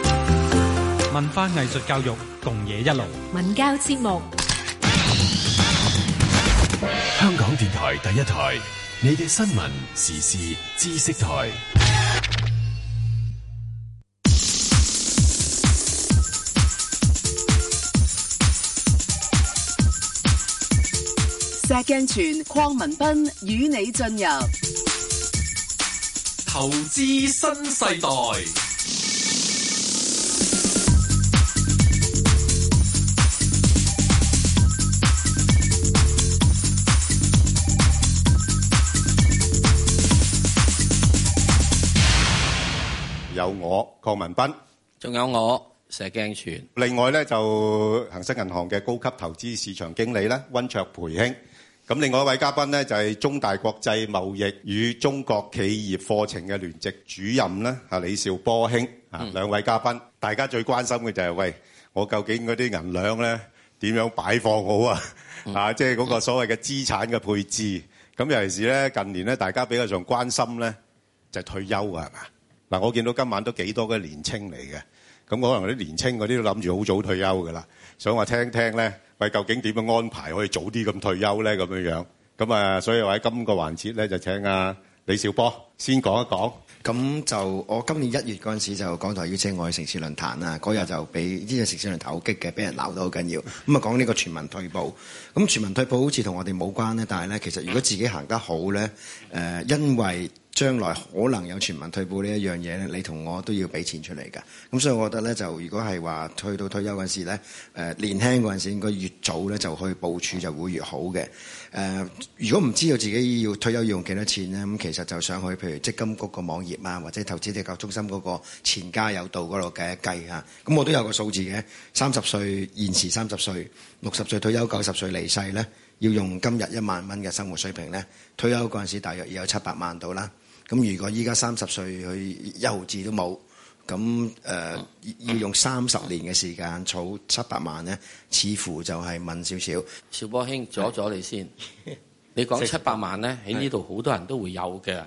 文化藝術教育共冶一路，文教節目，香港電台第一台，你嘅新聞時事知識台，石鏡泉、鄺民彬與你進入，投資新世代。有我鄺民彬，仲有我石鏡泉。另外咧就恒生銀行嘅高級投資市場經理咧溫卓培兄，咁另外一位嘉賓咧就係中大國際貿易與中國企業課程嘅聯席主任咧啊李兆波兄啊兩位嘉賓，大家最關心嘅就係，喂，我究竟嗰啲銀兩咧點樣擺放好啊，啊即係嗰個所謂嘅資產嘅配置，咁尤其是咧近年咧大家比較上關心咧就係退休啊係嘛？嗱，我見到今晚都幾多嘅年青嚟嘅，咁可能啲年青嗰啲都諗住好早退休嘅啦，想話聽聽咧，係究竟點樣安排可以早啲咁退休咧？咁樣樣，咁啊，所以我喺今個環節咧就請阿李兆波先講一講。咁就我今年一月嗰陣時就港台邀請我去城市論壇啊，嗰日就俾呢隻城市論壇好激嘅，俾人鬧得好緊要。咁啊講呢個全民退保，咁全民退保好似同我哋冇關咧，但係咧其實如果自己行得好咧，誒、呃，因為。.將來可能有全民退保呢一樣嘢咧，你同我都要俾錢出嚟㗎。咁所以我覺得咧，就如果係話去到退休嗰時咧，誒、呃、年輕嗰陣時應該越早咧就去部署，就會越好嘅。誒、呃，如果唔知道自己要退休要用幾多錢咧，咁其實就上去譬如積金局個網頁啊，或者投資者教育中心嗰個錢家有道嗰度計一計啊。咁我都有個數字嘅，三十歲，現時三十歲，六十歲退休，九十歲離世咧，要用今日一萬蚊嘅生活水平咧，退休嗰陣時大約要有七百萬到啦。咁如果依家三十歲佢一毫子都冇，咁誒、呃、要用三十年嘅時間儲七百萬咧，似乎就係問少少。邵波兄阻咗你先，你講七百萬咧喺呢度好多人都會有嘅。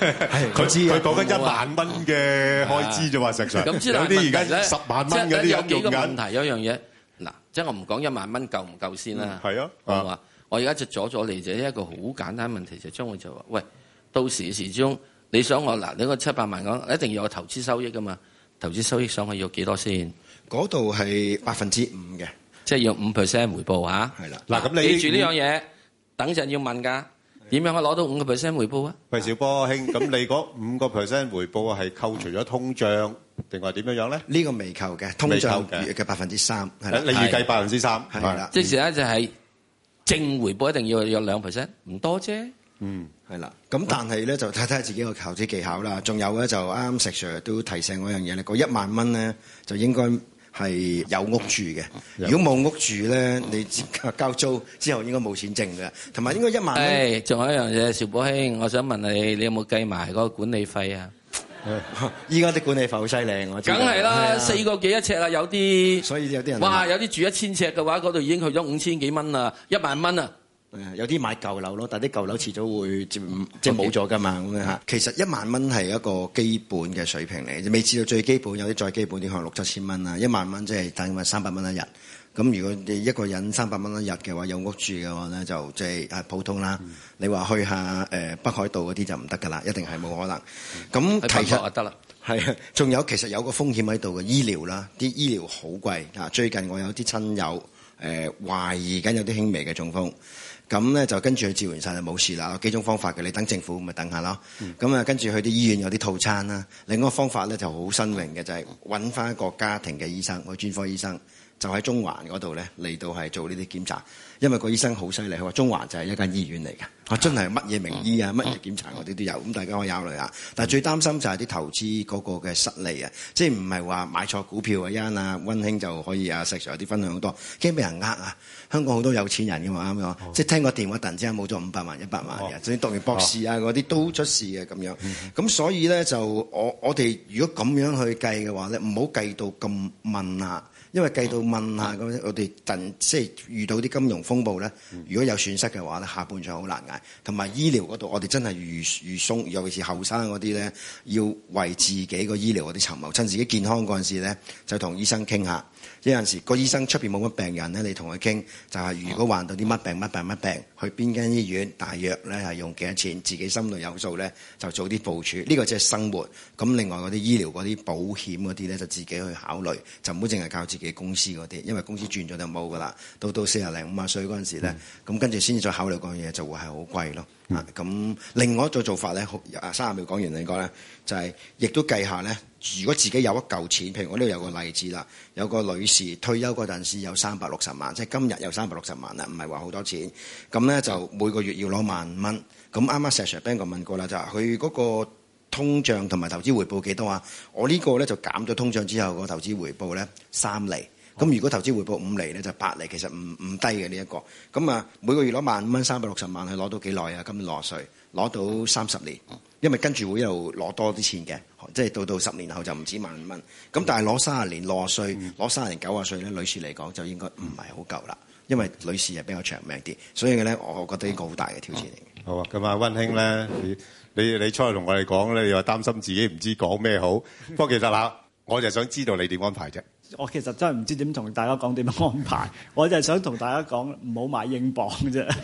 係佢、哎、知佢講緊一萬蚊嘅開支啫嘛，石 Sir 咁、啊啊、知啦，有啲而家十萬蚊嗰啲有用緊。問題有一樣嘢，嗱，即係我唔講一萬蚊夠唔夠先啦。係、嗯、啊，啊係係啊我話我而家就阻咗你，就一個好簡單問題就就，就將會就話喂。喂。到時始終你想我嗱，你個七百萬講，一定要有投資收益噶嘛？投資收益上去要幾多先？嗰度係百分之五嘅，即係要五 percent 回報嚇。係啦，嗱咁你記住呢樣嘢，等陣要問㗎。點樣可以攞到五個 percent 回報啊？喂，小波兄，咁你嗰五個 percent 回報係扣除咗通脹定係點樣樣咧？呢個未扣嘅，通脹嘅百分之三係啦。你預計百分之三係啦，即時咧就係正回報一定要有兩 percent，唔多啫。 嗯，係啦。咁、嗯、但係咧，嗯、就睇睇自己個投資技巧啦。仲有咧，就啱啱石 Sir 都提醒我一樣嘢咧。嗰一萬蚊咧，就應該係有屋住嘅。住如果冇屋住咧，嗯、你交租之後應該冇錢剩嘅。同埋應該一萬。誒，仲有一樣嘢，邵寶兄，我想問你，你有冇計埋嗰個管理費啊？依家啲管理費好犀利，我。梗係啦，四個幾一尺啊，有啲。所以有啲人。哇，有啲住一千尺嘅話，嗰度已經去咗五千幾蚊啦，一萬蚊啊！有啲買舊樓咯，但啲舊樓遲早會即係冇咗噶嘛，咁樣嚇。嗯、其實一萬蚊係一個基本嘅水平嚟，未至到最基本。有啲再基本啲可能六七千蚊啦。一萬蚊即係等於三百蚊一日咁。如果你一個人三百蚊一日嘅話，有屋住嘅話咧，就即係係普通啦。嗯、你話去下誒、呃、北海道嗰啲就唔得噶啦，一定係冇可能咁。北海就得啦，係仲 有其實有個風險喺度嘅醫療啦，啲醫療好貴嗱。最近我有啲親友誒、呃、懷疑緊有啲輕微嘅中風。咁咧就跟住去治療晒就冇事啦。有幾種方法嘅，你等政府咪等下咯。咁啊、嗯、跟住去啲醫院有啲套餐啦。另一個方法咧就好新穎嘅就係揾翻一個家庭嘅醫生，我專科醫生就喺中環嗰度咧嚟到係做呢啲檢查。因為個醫生好犀利，佢話中華就係一間醫院嚟嘅，我真係乜嘢名醫啊，乜嘢檢查嗰啲都有，咁大家可以考慮下。但係最擔心就係啲投資嗰個嘅失利啊，即係唔係話買錯股票啊，因啊溫馨就可以啊石 Sir 有啲分享好多，驚俾人呃啊。香港好多有錢人嘅嘛啱嘅，即聽個電話突然之間冇咗五百萬一百萬嘅，就算讀完博士啊嗰啲都出事嘅咁樣。咁所以咧就我我哋如果咁樣去計嘅話咧，唔好計到咁猛啊！因為計到問下咁，嗯、我哋即係遇到啲金融風暴咧，嗯、如果有損失嘅話，下半場好難捱。同埋醫療嗰度，我哋真係如如鬆，尤其是後生嗰啲咧，要為自己個醫療嗰啲籌謀，趁自己健康嗰陣時咧，就同醫生傾下。有陣時個醫生出邊冇乜病人咧，你同佢傾就係、是、如果患到啲乜病乜病乜病，去邊間醫院，大約咧係用幾多錢，自己心裏有數咧，就做啲部署。呢、這個即係生活。咁另外嗰啲醫療、嗰啲保險、嗰啲咧，就自己去考慮，就唔好淨係靠自己公司嗰啲，因為公司轉咗就冇㗎喇。到到四十零五十歲嗰陣時咧，咁、嗯、跟住先至再考慮樣嘢，就會係好貴咯。咁、嗯啊、另外一種做法咧，啊三十秒講完你講咧，就係、是、亦都計下咧。如果自己有一嚿錢，譬如我呢度有個例子啦，有個女士退休嗰陣時有三百六十萬，即係今日有三百六十萬啦，唔係話好多錢。咁咧就每個月要攞萬五蚊。咁啱啱 Sa、嗯、sha Ben 哥問過啦，就話佢嗰個通脹同埋投資回報幾多啊？我呢個咧就減咗通脹之後個投資回報咧三厘。咁、嗯、如果投資回報五厘咧就八厘。其實唔唔低嘅呢一個。咁啊每個月攞萬五蚊三百六十萬，佢攞到幾耐啊？今年六十歲攞到三十年，嗯、因為跟住會又攞多啲錢嘅。即係到到十年後就唔止萬蚊，咁但係攞卅年六啊歲，攞卅、嗯、年九啊歲咧，女士嚟講就應該唔係好夠啦，因為女士係比較長命啲，所以咧我覺得呢個好大嘅挑戰嚟。好啊，咁啊，溫馨咧，你你你出嚟同我哋講咧，又話擔心自己唔知講咩好，不過其實嗱，我就想知道你點安排啫。我其實真係唔知點同大家講點樣安排，我就係想同大家講唔好買英鎊啫，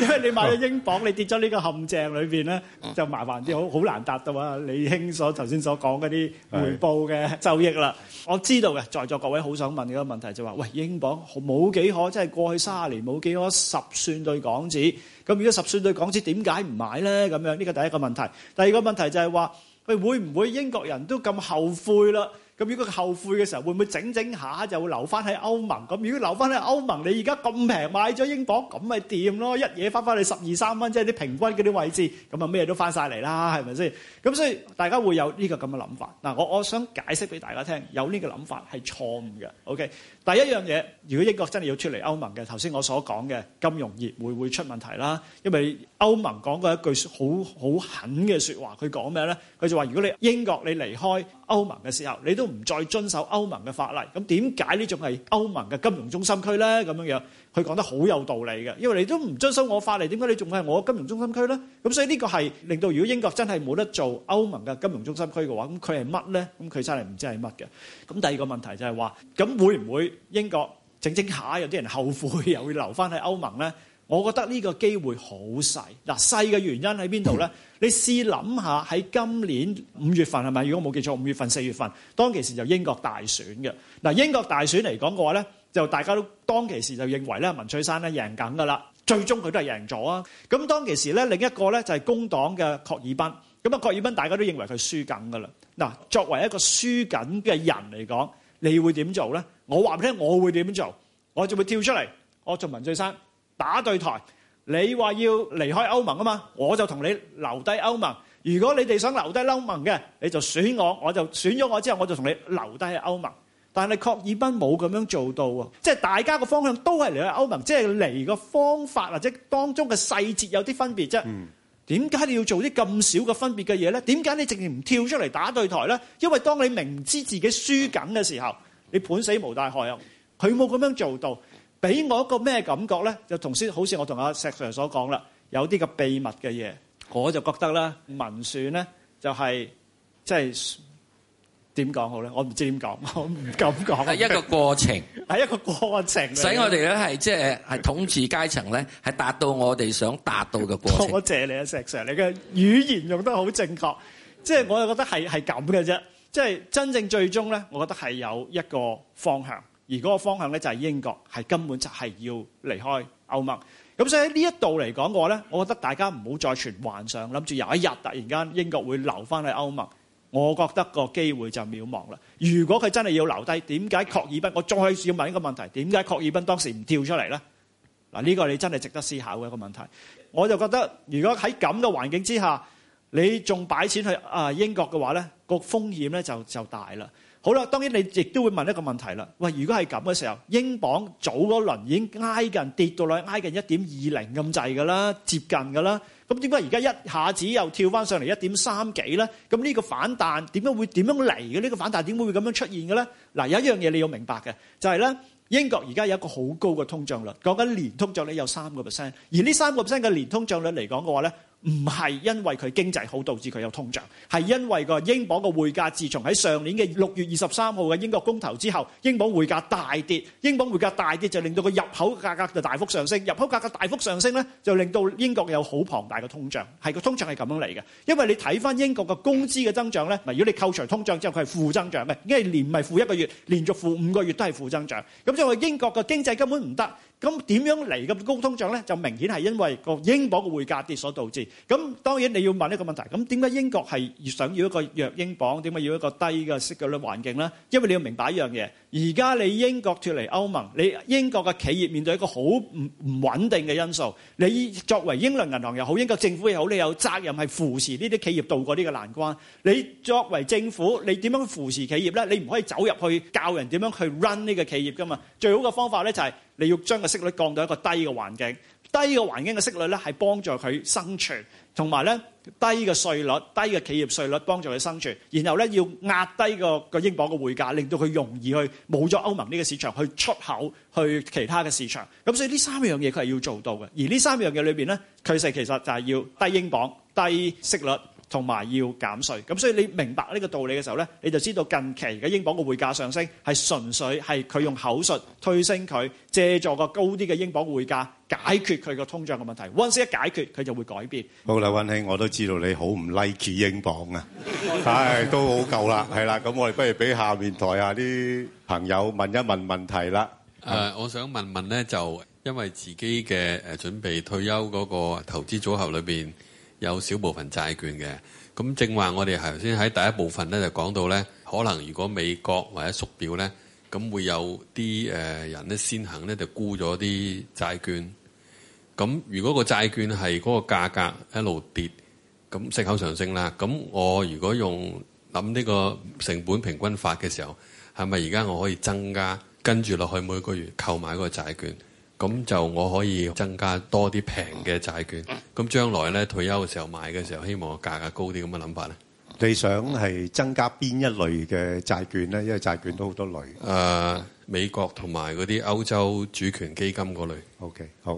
因為你買咗英鎊，你跌咗呢個陷阱裏邊咧，就麻煩啲，好好難答到啊李興所頭先所講嗰啲回報嘅收益啦。我知道嘅，在座各位好想問嘅問題就話：喂，英鎊冇幾可，即係過去卅年冇幾可十算對港紙。咁如果十算對港紙，點解唔買咧？咁樣呢個第一個問題。第二個問題就係話：喂，會唔會英國人都咁後悔啦？咁如果佢後悔嘅時候，會唔會整整下就會留翻喺歐盟？咁如果留翻喺歐盟，你而家咁平買咗英鎊，咁咪掂咯？一嘢翻翻嚟十二三蚊，即係啲平均嗰啲位置，咁啊咩都翻曬嚟啦，係咪先？咁所以大家會有呢個咁嘅諗法。嗱，我我想解釋俾大家聽，有呢個諗法係錯誤嘅。OK，第一樣嘢，如果英國真係要脫離歐盟嘅，頭先我所講嘅金融業會唔會出問題啦。因為歐盟講過一句好好狠嘅說話，佢講咩咧？佢就話：如果你英國你離開歐盟嘅時候，你都都唔再遵守歐盟嘅法例，咁點解呢？仲係歐盟嘅金融中心區呢？咁樣樣，佢講得好有道理嘅，因為你都唔遵守我法例，點解你仲係我金融中心區呢？咁所以呢個係令到如果英國真係冇得做歐盟嘅金融中心區嘅話，咁佢係乜呢？咁佢真係唔知係乜嘅。咁第二個問題就係話，咁會唔會英國整整下有啲人後悔，又會留返喺歐盟呢？我覺得呢個機會好細嗱，細嘅原因喺邊度咧？你試諗下喺今年五月份係咪？如果冇記錯，五月份四月份當其時就英國大選嘅嗱。英國大選嚟講嘅話咧，就大家都當其時就認為咧，文翠珊咧贏緊㗎啦。最終佢都係贏咗啊。咁當其時咧，另一個咧就係工黨嘅郝爾彬咁啊。郝爾彬大家都認為佢輸緊㗎啦。嗱，作為一個輸緊嘅人嚟講，你會點做咧？我話畀你聽，我會點做？我就會跳出嚟，我做文翠珊。打對台，你話要離開歐盟啊嘛，我就同你留低歐盟。如果你哋想留低留歐盟嘅，你就選我，我就選咗我之後，我就同你留低喺歐盟。但係你確爾賓冇咁樣做到啊。即係大家個方向都係離開歐盟，即係嚟嘅方法或者當中嘅細節有啲分別啫。點解、嗯、你要做啲咁少嘅分別嘅嘢咧？點解你直情唔跳出嚟打對台咧？因為當你明知自己輸緊嘅時候，你判死無大害啊。佢冇咁樣做到。俾我一個咩感覺咧？就同先好似我同阿石 Sir 所講啦，有啲嘅秘密嘅嘢，我就覺得啦，民選咧就係、係、即係點講好咧？我唔知點講，我唔敢講。係 一個過程，係 一個過程，使我哋咧係即係統治階層咧，係達到我哋想達到嘅過程。多 謝，謝你啊，石 Sir，你嘅語言用得好正確，即係我就覺得係係咁嘅啫。即係真正最終咧，我覺得係有一個方向。而嗰個方向咧就係英國，係根本就係要離開歐盟。咁所以呢一度嚟講嘅話咧，我覺得大家唔好再存幻想，諗住有一日突然間英國會留翻去歐盟。我覺得個機會就渺茫啦。如果佢真係要留低，點解確爾賓？我仲可以要問一個問題：點解確爾賓當時唔跳出嚟咧？嗱，呢個你真係值得思考嘅一個問題。我就覺得，如果喺咁嘅環境之下，你仲擺錢去啊、呃、英國嘅話咧，個風險咧就就大啦。好啦，當然你亦都會問一個問題啦。喂，如果係咁嘅時候，英鎊早嗰輪已經挨近跌到落去，挨近一點二零咁滯㗎啦，接近㗎啦。咁點解而家一下子又跳翻上嚟一點三幾咧？咁呢個反彈點樣會點樣嚟嘅？呢、這個反彈點會會咁樣出現嘅咧？嗱，有一樣嘢你要明白嘅就係、是、咧，英國而家有一個好高嘅通脹率，講緊年通脹率有三個 percent，而呢三個 percent 嘅年通脹率嚟講嘅話咧。唔係因為佢經濟好導致佢有通脹，係因為個英鎊個匯價自從喺上年嘅六月二十三號嘅英國公投之後，英鎊匯價大跌，英鎊匯價大跌就令到個入口價格就大幅上升，入口價格大幅上升咧，就令到英國有好龐大嘅通脹，係個通脹係咁樣嚟嘅。因為你睇翻英國嘅工資嘅增長咧，如果你扣除通脹之後佢係負增長嘅，因為連唔係負一個月，連續負五個月都係負增長，咁所以英國嘅經濟根本唔得。咁點樣嚟嘅高通脹呢？就明顯係因為個英鎊嘅匯價跌所導致。咁當然你要問一個問題，咁點解英國係想要一個弱英鎊？點解要一個低嘅息率環境呢？因為你要明白一樣嘢，而家你英國脱離歐盟，你英國嘅企業面對一個好唔唔穩定嘅因素。你作為英倫銀行又好，英國政府又好，你有責任係扶持呢啲企業渡過呢個難關。你作為政府，你點樣去扶持企業呢？你唔可以走入去教人點樣去 run 呢個企業㗎嘛？最好嘅方法呢，就係、是。你要將個息率降到一個低嘅環境，低嘅環境嘅息率咧係幫助佢生存，同埋咧低嘅稅率、低嘅企業稅率幫助佢生存，然後咧要壓低個個英鎊嘅匯價，令到佢容易去冇咗歐盟呢個市場去出口去其他嘅市場。咁所以呢三樣嘢佢係要做到嘅，而呢三樣嘢裏邊咧，佢就其實就係要低英鎊、低息率。同埋要減稅，咁所以你明白呢個道理嘅時候咧，你就知道近期嘅英鎊個匯價上升係純粹係佢用口述推升佢，藉助個高啲嘅英鎊匯價解決佢個通脹嘅問題。Once 一解決，佢就會改變。好啦，温兄，我都知道你好唔 like 英鎊啊，唉都好夠啦，係啦，咁我哋不如俾下面台下啲朋友問一問問題啦。誒，我想問問咧，就因為自己嘅誒準備退休嗰個投資組合裏邊。有少部分債券嘅，咁正話我哋頭先喺第一部分咧就講到呢，可能如果美國或者縮表呢，咁會有啲誒、呃、人咧先行呢就沽咗啲債券，咁如果個債券係嗰個價格一路跌，咁息口上升啦，咁我如果用諗呢個成本平均法嘅時候，係咪而家我可以增加跟住落去每個月購買嗰個債券？咁就我可以增加多啲平嘅債券，咁將來呢，退休嘅時候買嘅時候，希望個價格高啲咁嘅諗法呢，你想係增加邊一類嘅債券呢？因為債券都好多類。誒、呃，美國同埋嗰啲歐洲主權基金嗰類。O、okay, K，好。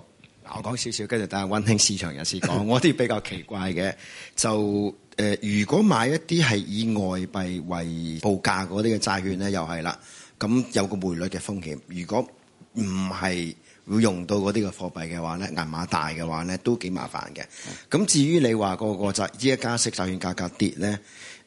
嗱，我講少少，跟住等下溫馨市場人士講。 我啲比較奇怪嘅，就誒、呃，如果買一啲係以外幣為報價嗰啲嘅債券呢，又係啦。咁有個匯率嘅風險。如果唔係。會用到嗰啲個貨幣嘅話咧，銀碼大嘅話咧都幾麻煩嘅。咁、嗯、至於你話個個債依家加息，債券價格跌咧，誒、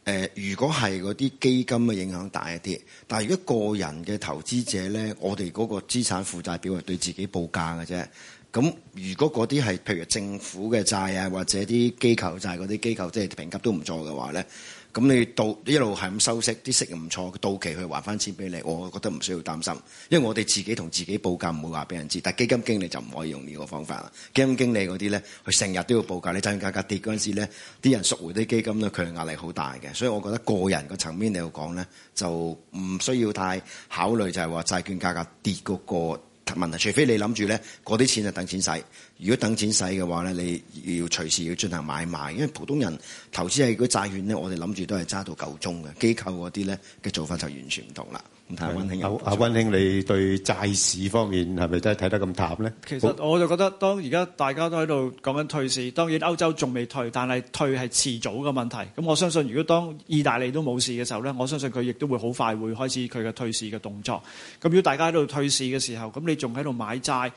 呃、如果係嗰啲基金嘅影響大一啲，但係如果個人嘅投資者咧，我哋嗰個資產負債表係對自己報價嘅啫。咁如果嗰啲係譬如政府嘅債啊，或者啲機構債嗰啲機構即係、就是、評級都唔錯嘅話咧。咁你到一路係咁收息，啲息唔錯，到期佢還翻錢俾你，我覺得唔需要擔心。因為我哋自己同自己報價唔會話俾人知，但係基金經理就唔可以用呢個方法啦。基金經理嗰啲咧，佢成日都要報價，你債券價格跌嗰陣時咧，啲人贖回啲基金咧，佢壓力好大嘅。所以，我覺得個人個層面嚟講咧，就唔需要太考慮就，就係話債券價格跌個個。問題，除非你諗住咧，嗰啲錢就等錢使。如果等錢使嘅話咧，你要隨時要進行買賣，因為普通人投資係嗰啲債券咧，我哋諗住都係揸到夠鐘嘅。機構嗰啲咧嘅做法就完全唔同啦。唔太溫馨。阿阿溫馨，你對債市方面係咪真係睇得咁淡呢？其實我就覺得，當而家大家都喺度講緊退市，當然歐洲仲未退，但係退係遲早嘅問題。咁我相信，如果當意大利都冇事嘅時候呢，我相信佢亦都會好快會開始佢嘅退市嘅動作。咁如果大家喺度退市嘅時候，咁你仲喺度買債，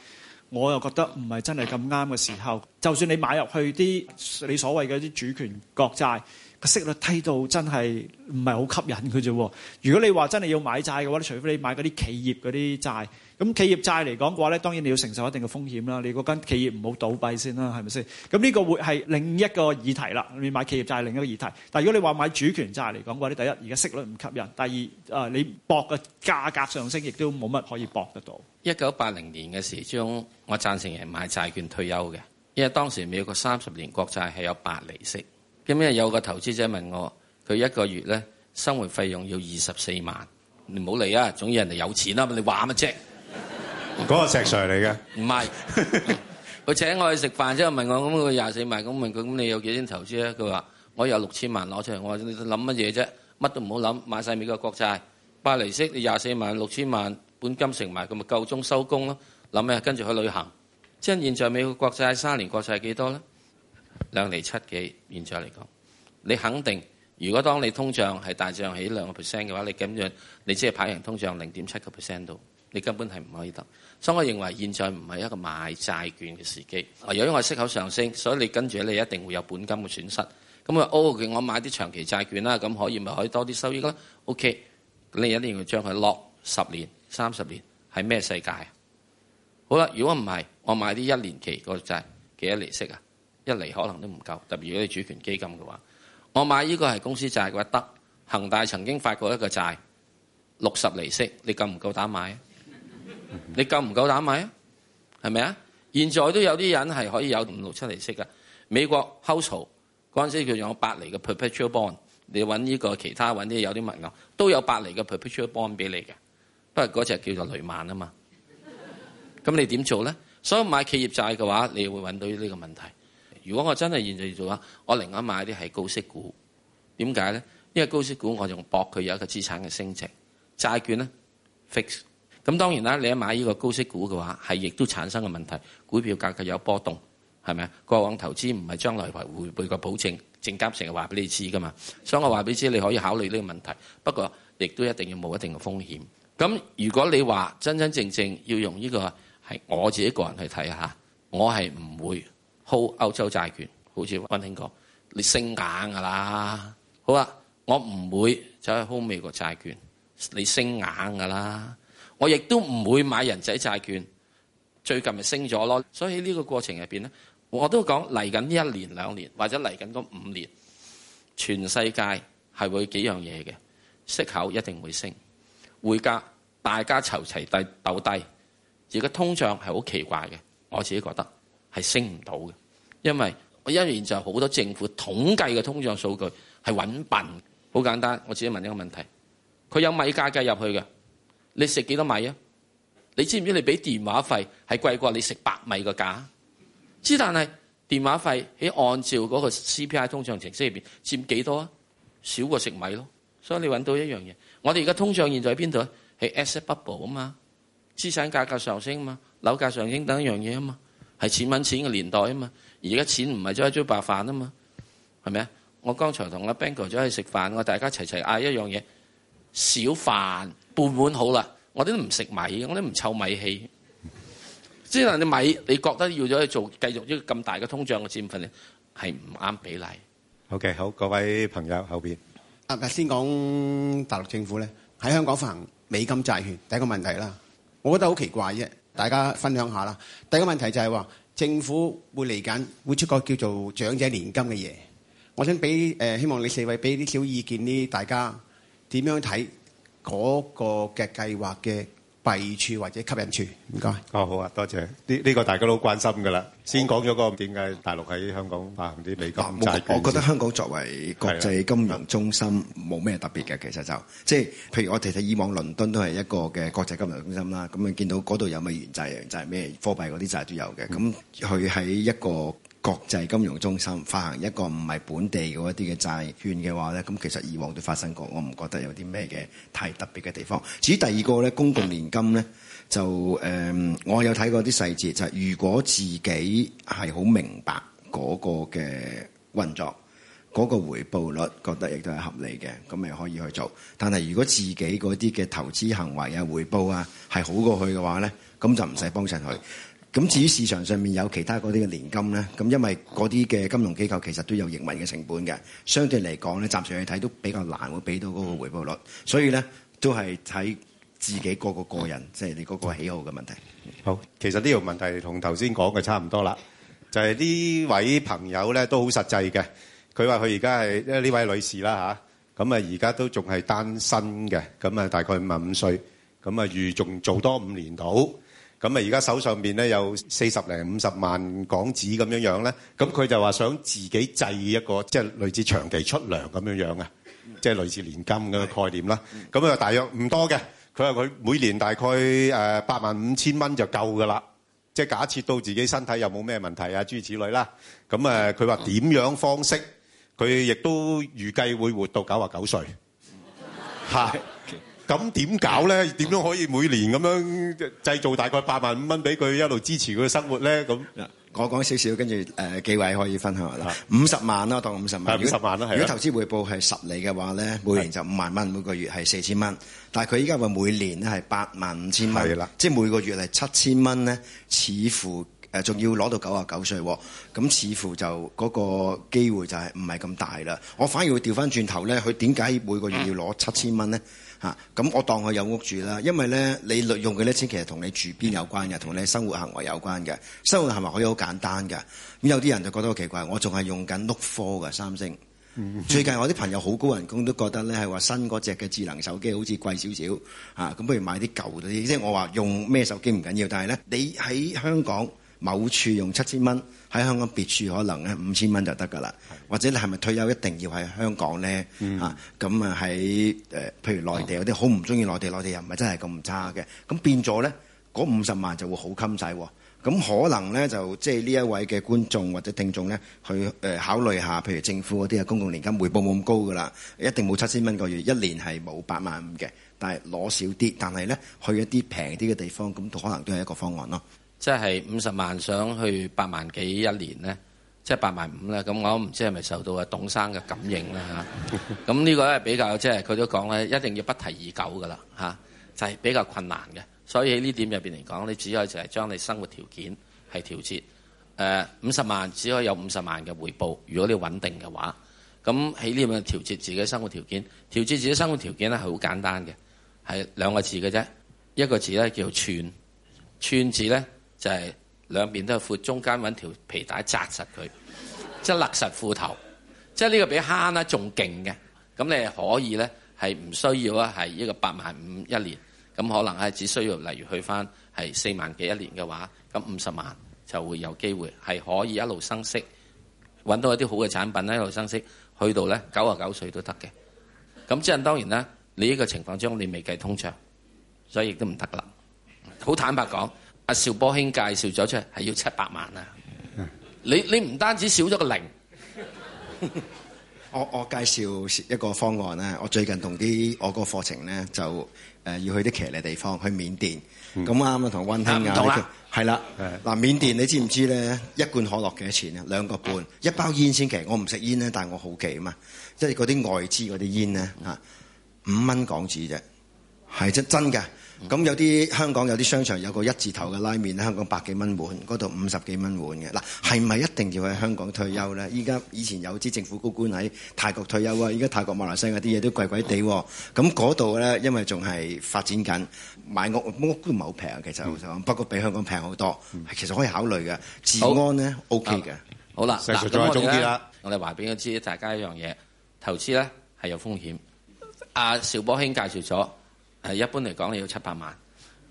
我又覺得唔係真係咁啱嘅時候。就算你買入去啲你所謂嘅啲主權國債。息率低到真係唔係好吸引佢啫喎！如果你話真係要買債嘅話，除非你買嗰啲企業嗰啲債。咁企業債嚟講嘅話咧，當然你要承受一定嘅風險啦。你嗰間企業唔好倒閉先啦，係咪先？咁呢個會係另一個議題啦。你買企業債另一個議題。但係如果你話買主權債嚟講嘅話咧，第一，而家息率唔吸引，第二啊，你博嘅價格上升亦都冇乜可以博得到。一九八零年嘅時候，我贊成人買債券退休嘅，因為當時美國三十年國債係有八厘息。今日有個投資者問我，佢一個月咧生活費用要二十四萬，你唔好理啊！總之人哋有錢啊，你話乜啫？嗰個石 Sir 嚟嘅？唔係，佢 請我去食飯之後問我咁，佢廿四萬咁問佢咁，你有幾多錢投資咧？佢話我有六千萬攞出嚟，我話你諗乜嘢啫？乜都唔好諗，買晒美國國債、巴黎息，你廿四萬六千萬本金食埋，佢咪夠鐘收工咯？諗咩？跟住去旅行。即係現在美國國債三年國債係幾多咧？兩厘七幾現在嚟講，你肯定如果當你通脹係大漲起兩個 percent 嘅話，你咁樣你只係跑贏通脹零點七個 percent 度，你根本係唔可以得。所以，我認為現在唔係一個買債券嘅時機。由於我息口上升，所以你跟住你，你一定會有本金嘅損失。咁啊，O K，我買啲長期債券啦，咁可以咪可以多啲收益啦？O K，你一定要將佢落十年、三十年，係咩世界啊？好啦，如果唔係，我買啲一年期個債幾多利息啊？一厘可能都唔夠，特別如果你主權基金嘅話，我買呢個係公司債嘅話，得恒大曾經發過一個債六十厘息，你夠唔夠膽買？你夠唔夠膽買啊？係咪啊？現在都有啲人係可以有五六七厘息嘅。美國 Household 嗰陣時，佢有八厘嘅 perpetual bond，你揾呢、這個其他揾啲、這個、有啲物啊，都有八厘嘅 perpetual bond 俾你嘅，不過嗰隻叫做雷曼啊嘛。咁你點做咧？所以買企業債嘅話，你會揾到呢個問題。如果我真係現在做嘅，我另外買啲係高息股，點解呢？因為高息股我仲博佢有一個資產嘅升值債券呢 fix 咁當然啦。你一買呢個高息股嘅話，係亦都產生嘅問題，股票價格有波動，係咪啊？過往投資唔係將來回報嘅保證，證監成日話俾你知噶嘛。所以我話俾你知，你可以考慮呢個問題，不過亦都一定要冇一定嘅風險。咁如果你話真真正正要用呢個係我自己個人去睇下，我係唔會。鋪歐洲債券，好似溫馨講，你升硬噶啦。好啊，我唔會走去鋪美國債券，你升硬噶啦。我亦都唔會買人仔債券，最近咪升咗咯。所以呢個過程入邊咧，我都講嚟緊呢一年兩年或者嚟緊嗰五年，全世界係會幾樣嘢嘅息口一定會升，匯價大家籌齊低鬥低，而個通脹係好奇怪嘅，我自己覺得係升唔到嘅。因為我一年就好多政府統計嘅通脹數據係揾笨，好簡單。我自己問一個問題：佢有米價計入去嘅，你食幾多米啊？你知唔知你俾電話費係貴過你食白米嘅價？之但係電話費喺按照嗰個 CPI 通脹程式入邊佔幾多啊？少過食米咯。所以你揾到一樣嘢，我哋而家通脹現在喺邊度咧？喺 asset bubble 啊嘛，資產價格上升啊嘛，樓價上升等一樣嘢啊嘛，係錢揾錢嘅年代啊嘛。而家錢唔係將一張白飯啊嘛，係咪啊？我剛才同阿 Ben 哥走去食飯，我大家齊齊嗌一樣嘢，少飯半碗好啦。我哋都唔食米，我都唔臭米氣。 即係你米，你覺得要咗去做繼續依個咁大嘅通脹嘅佔份咧，係唔啱比例。OK，好，各位朋友後邊啊，先講大陸政府咧，喺香港發行美金債券，第一個問題啦，我覺得好奇怪啫，大家分享下啦。第一個問題就係、是、話。政府會嚟緊會出個叫做長者年金嘅嘢，我想俾、呃、希望你哋四位俾啲小意見，大家點樣睇嗰個嘅計劃嘅？弊處或者吸引處？唔該。哦，好啊，多謝。呢呢、這個大家都好關心㗎啦。先講咗嗰個點解大陸喺香港買啲美國債、啊、券我，我覺得香港作為國際金融中心，冇咩的特別嘅其實就即係，譬如我哋睇以往倫敦都係一個嘅國際金融中心啦。咁啊見到嗰度有美元債、就係咩貨幣嗰啲債都有嘅。咁佢喺一個。國際金融中心發行一個唔係本地嘅一啲嘅債券嘅話呢，咁其實以往都發生過，我唔覺得有啲咩嘅太特別嘅地方。至於第二個呢，公共年金呢，就誒、呃，我有睇過啲細節，就係、是、如果自己係好明白嗰個嘅運作，嗰、那個回報率覺得亦都係合理嘅，咁咪可以去做。但係如果自己嗰啲嘅投資行為啊、回報啊係好過佢嘅話呢，咁就唔使幫襯佢。咁至於市場上面有其他嗰啲嘅年金咧，咁因為嗰啲嘅金融機構其實都有營運嘅成本嘅，相對嚟講咧，暫時去睇都比較難會俾到嗰個回報率，所以咧都係睇自己個個個人，即係你嗰個喜好嘅問題。好，其實呢條問題同頭先講嘅差唔多啦，就係呢位朋友咧都好實際嘅，佢話佢而家係呢位女士啦吓，咁啊而家都仲係單身嘅，咁啊大概五十五歲，咁啊預仲做多五年到。咁啊，而家手上面咧有四十零五十萬港紙咁樣樣咧，咁佢就話想自己製一個即係類似長期出糧咁樣樣啊，即係類似年金嘅概念啦。咁啊，大約唔多嘅，佢話佢每年大概誒八萬五千蚊就夠㗎啦。即係假設到自己身體有冇咩問題啊諸如此類啦。咁誒，佢話點樣方式，佢亦都預計會活到九十九歲。係。咁點搞咧？點樣可以每年咁樣製造大概八萬五蚊俾佢一路支持佢嘅生活咧？咁我講少少，跟住誒幾位可以分享下。五十萬啦，當五十萬。五十萬啦，如果投資回報係十厘嘅話咧，每年就五萬蚊，每個月係四千蚊。但係佢依家話每年咧係八萬五千蚊，係啦，即係每個月係七千蚊咧，似乎誒仲、呃、要攞到九啊九歲喎，咁似乎就嗰、嗰個機會就係唔係咁大啦。我反而會調翻轉頭咧，佢點解每個月要攞七千蚊咧？嚇！咁、啊、我當我有屋住啦，因為咧你用嘅呢錢其實同你住邊有關嘅，同你生活行為有關嘅。生活行為可以好簡單嘅，有啲人就覺得好奇怪，我仲係用緊 Note 4嘅三星。最近我啲朋友好高人工都覺得咧係話新嗰隻嘅智能手機好似貴少少嚇，咁、啊、不如買啲舊啲。即、就、係、是、我話用咩手機唔緊要，但係咧你喺香港某處用七千蚊。喺香港別處可能咧五千蚊就得㗎啦，是的 或者你係咪退休一定要喺香港咧？嚇咁、嗯、啊喺誒、呃，譬如內地嗰啲好唔中意內地，哦、內地又唔係真係咁差嘅，咁變咗咧嗰五十萬就會好襟使喎。咁可能咧就即係呢一位嘅觀眾或者聽眾咧，去誒、呃、考慮下，譬如政府嗰啲啊，公共年金回報冇咁高㗎啦，一定冇七千蚊個月，一年係冇八萬五嘅，但係攞少啲，但係咧去一啲平啲嘅地方，咁可能都係一個方案咯。即係五十萬上去八萬幾一年呢，即係八萬五咧。咁我唔知係咪受到啊董生嘅感應啦嚇。咁呢 個咧比較即係佢都講咧，一定要不提已久噶啦嚇，就係、是、比較困難嘅。所以喺呢點入邊嚟講，你只可以就係將你生活條件係調節。誒、呃、五十萬只可以有五十萬嘅回報，如果你穩定嘅話，咁喺呢度調節自己生活條件，調節自己生活條件咧係好簡單嘅，係兩個字嘅啫，一個字咧叫串，串字呢。就係、係、兩邊都闊，中間揾條皮帶紮實佢， 即係勒實褲頭，即係呢個比慳啦仲勁嘅。咁你可以呢，係唔需要啊，係一個八萬五一年，咁可能咧只需要例如去翻係四萬幾一年嘅話，咁五十萬就會有機會係可以一路生息，揾到一啲好嘅產品咧，一路生息去到呢九十九歲都得嘅。咁即係當然啦，你呢個情況中你未計通脹，所以亦都唔得啦。好坦白講。阿邵波兄介紹咗出嚟，係要七百萬啊！你你唔單止少咗個零，我我介紹一個方案咧。我最近同啲我個課程咧就誒要去啲騎呢地方，去緬甸。咁啱啱同溫馨啊，係啦，嗱緬甸你知唔知咧？一罐可樂幾多錢啊？兩個半，一包煙先。其實我唔食煙咧，但係我好奇啊嘛，即係嗰啲外資嗰啲煙咧啊，五蚊港紙啫，係真真嘅。咁有啲香港有啲商場有個一字頭嘅拉麵，香港百幾蚊碗，嗰度五十幾蚊碗嘅。嗱，係咪一定要喺香港退休咧？依家以前有支政府高官喺泰國退休啊，依家泰國、馬來西亞啲嘢都貴貴地。咁嗰度咧，因為仲係發展緊，買屋屋都唔係好平，啊。其實、嗯、不過比香港平好多，其實可以考慮嘅。治安咧好 OK 嘅的，啊。好啦，嗱，總之啦，我哋話俾知，大家一樣嘢，投資咧係有風險。阿兆波兄介紹咗。誒一般嚟講你要七百萬，誒、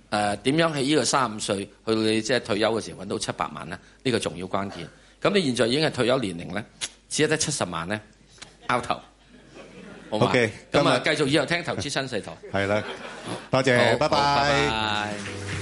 呃、點樣喺呢個三五歲去到你即係退休嘅時候揾到七百萬咧？呢、呢個重要關鍵。咁你現在已經係退休年齡咧，只係得七十萬咧，out 頭。OK 咁啊繼續以後聽投資新世代。係啦 的，好多謝，拜拜好。Bye bye.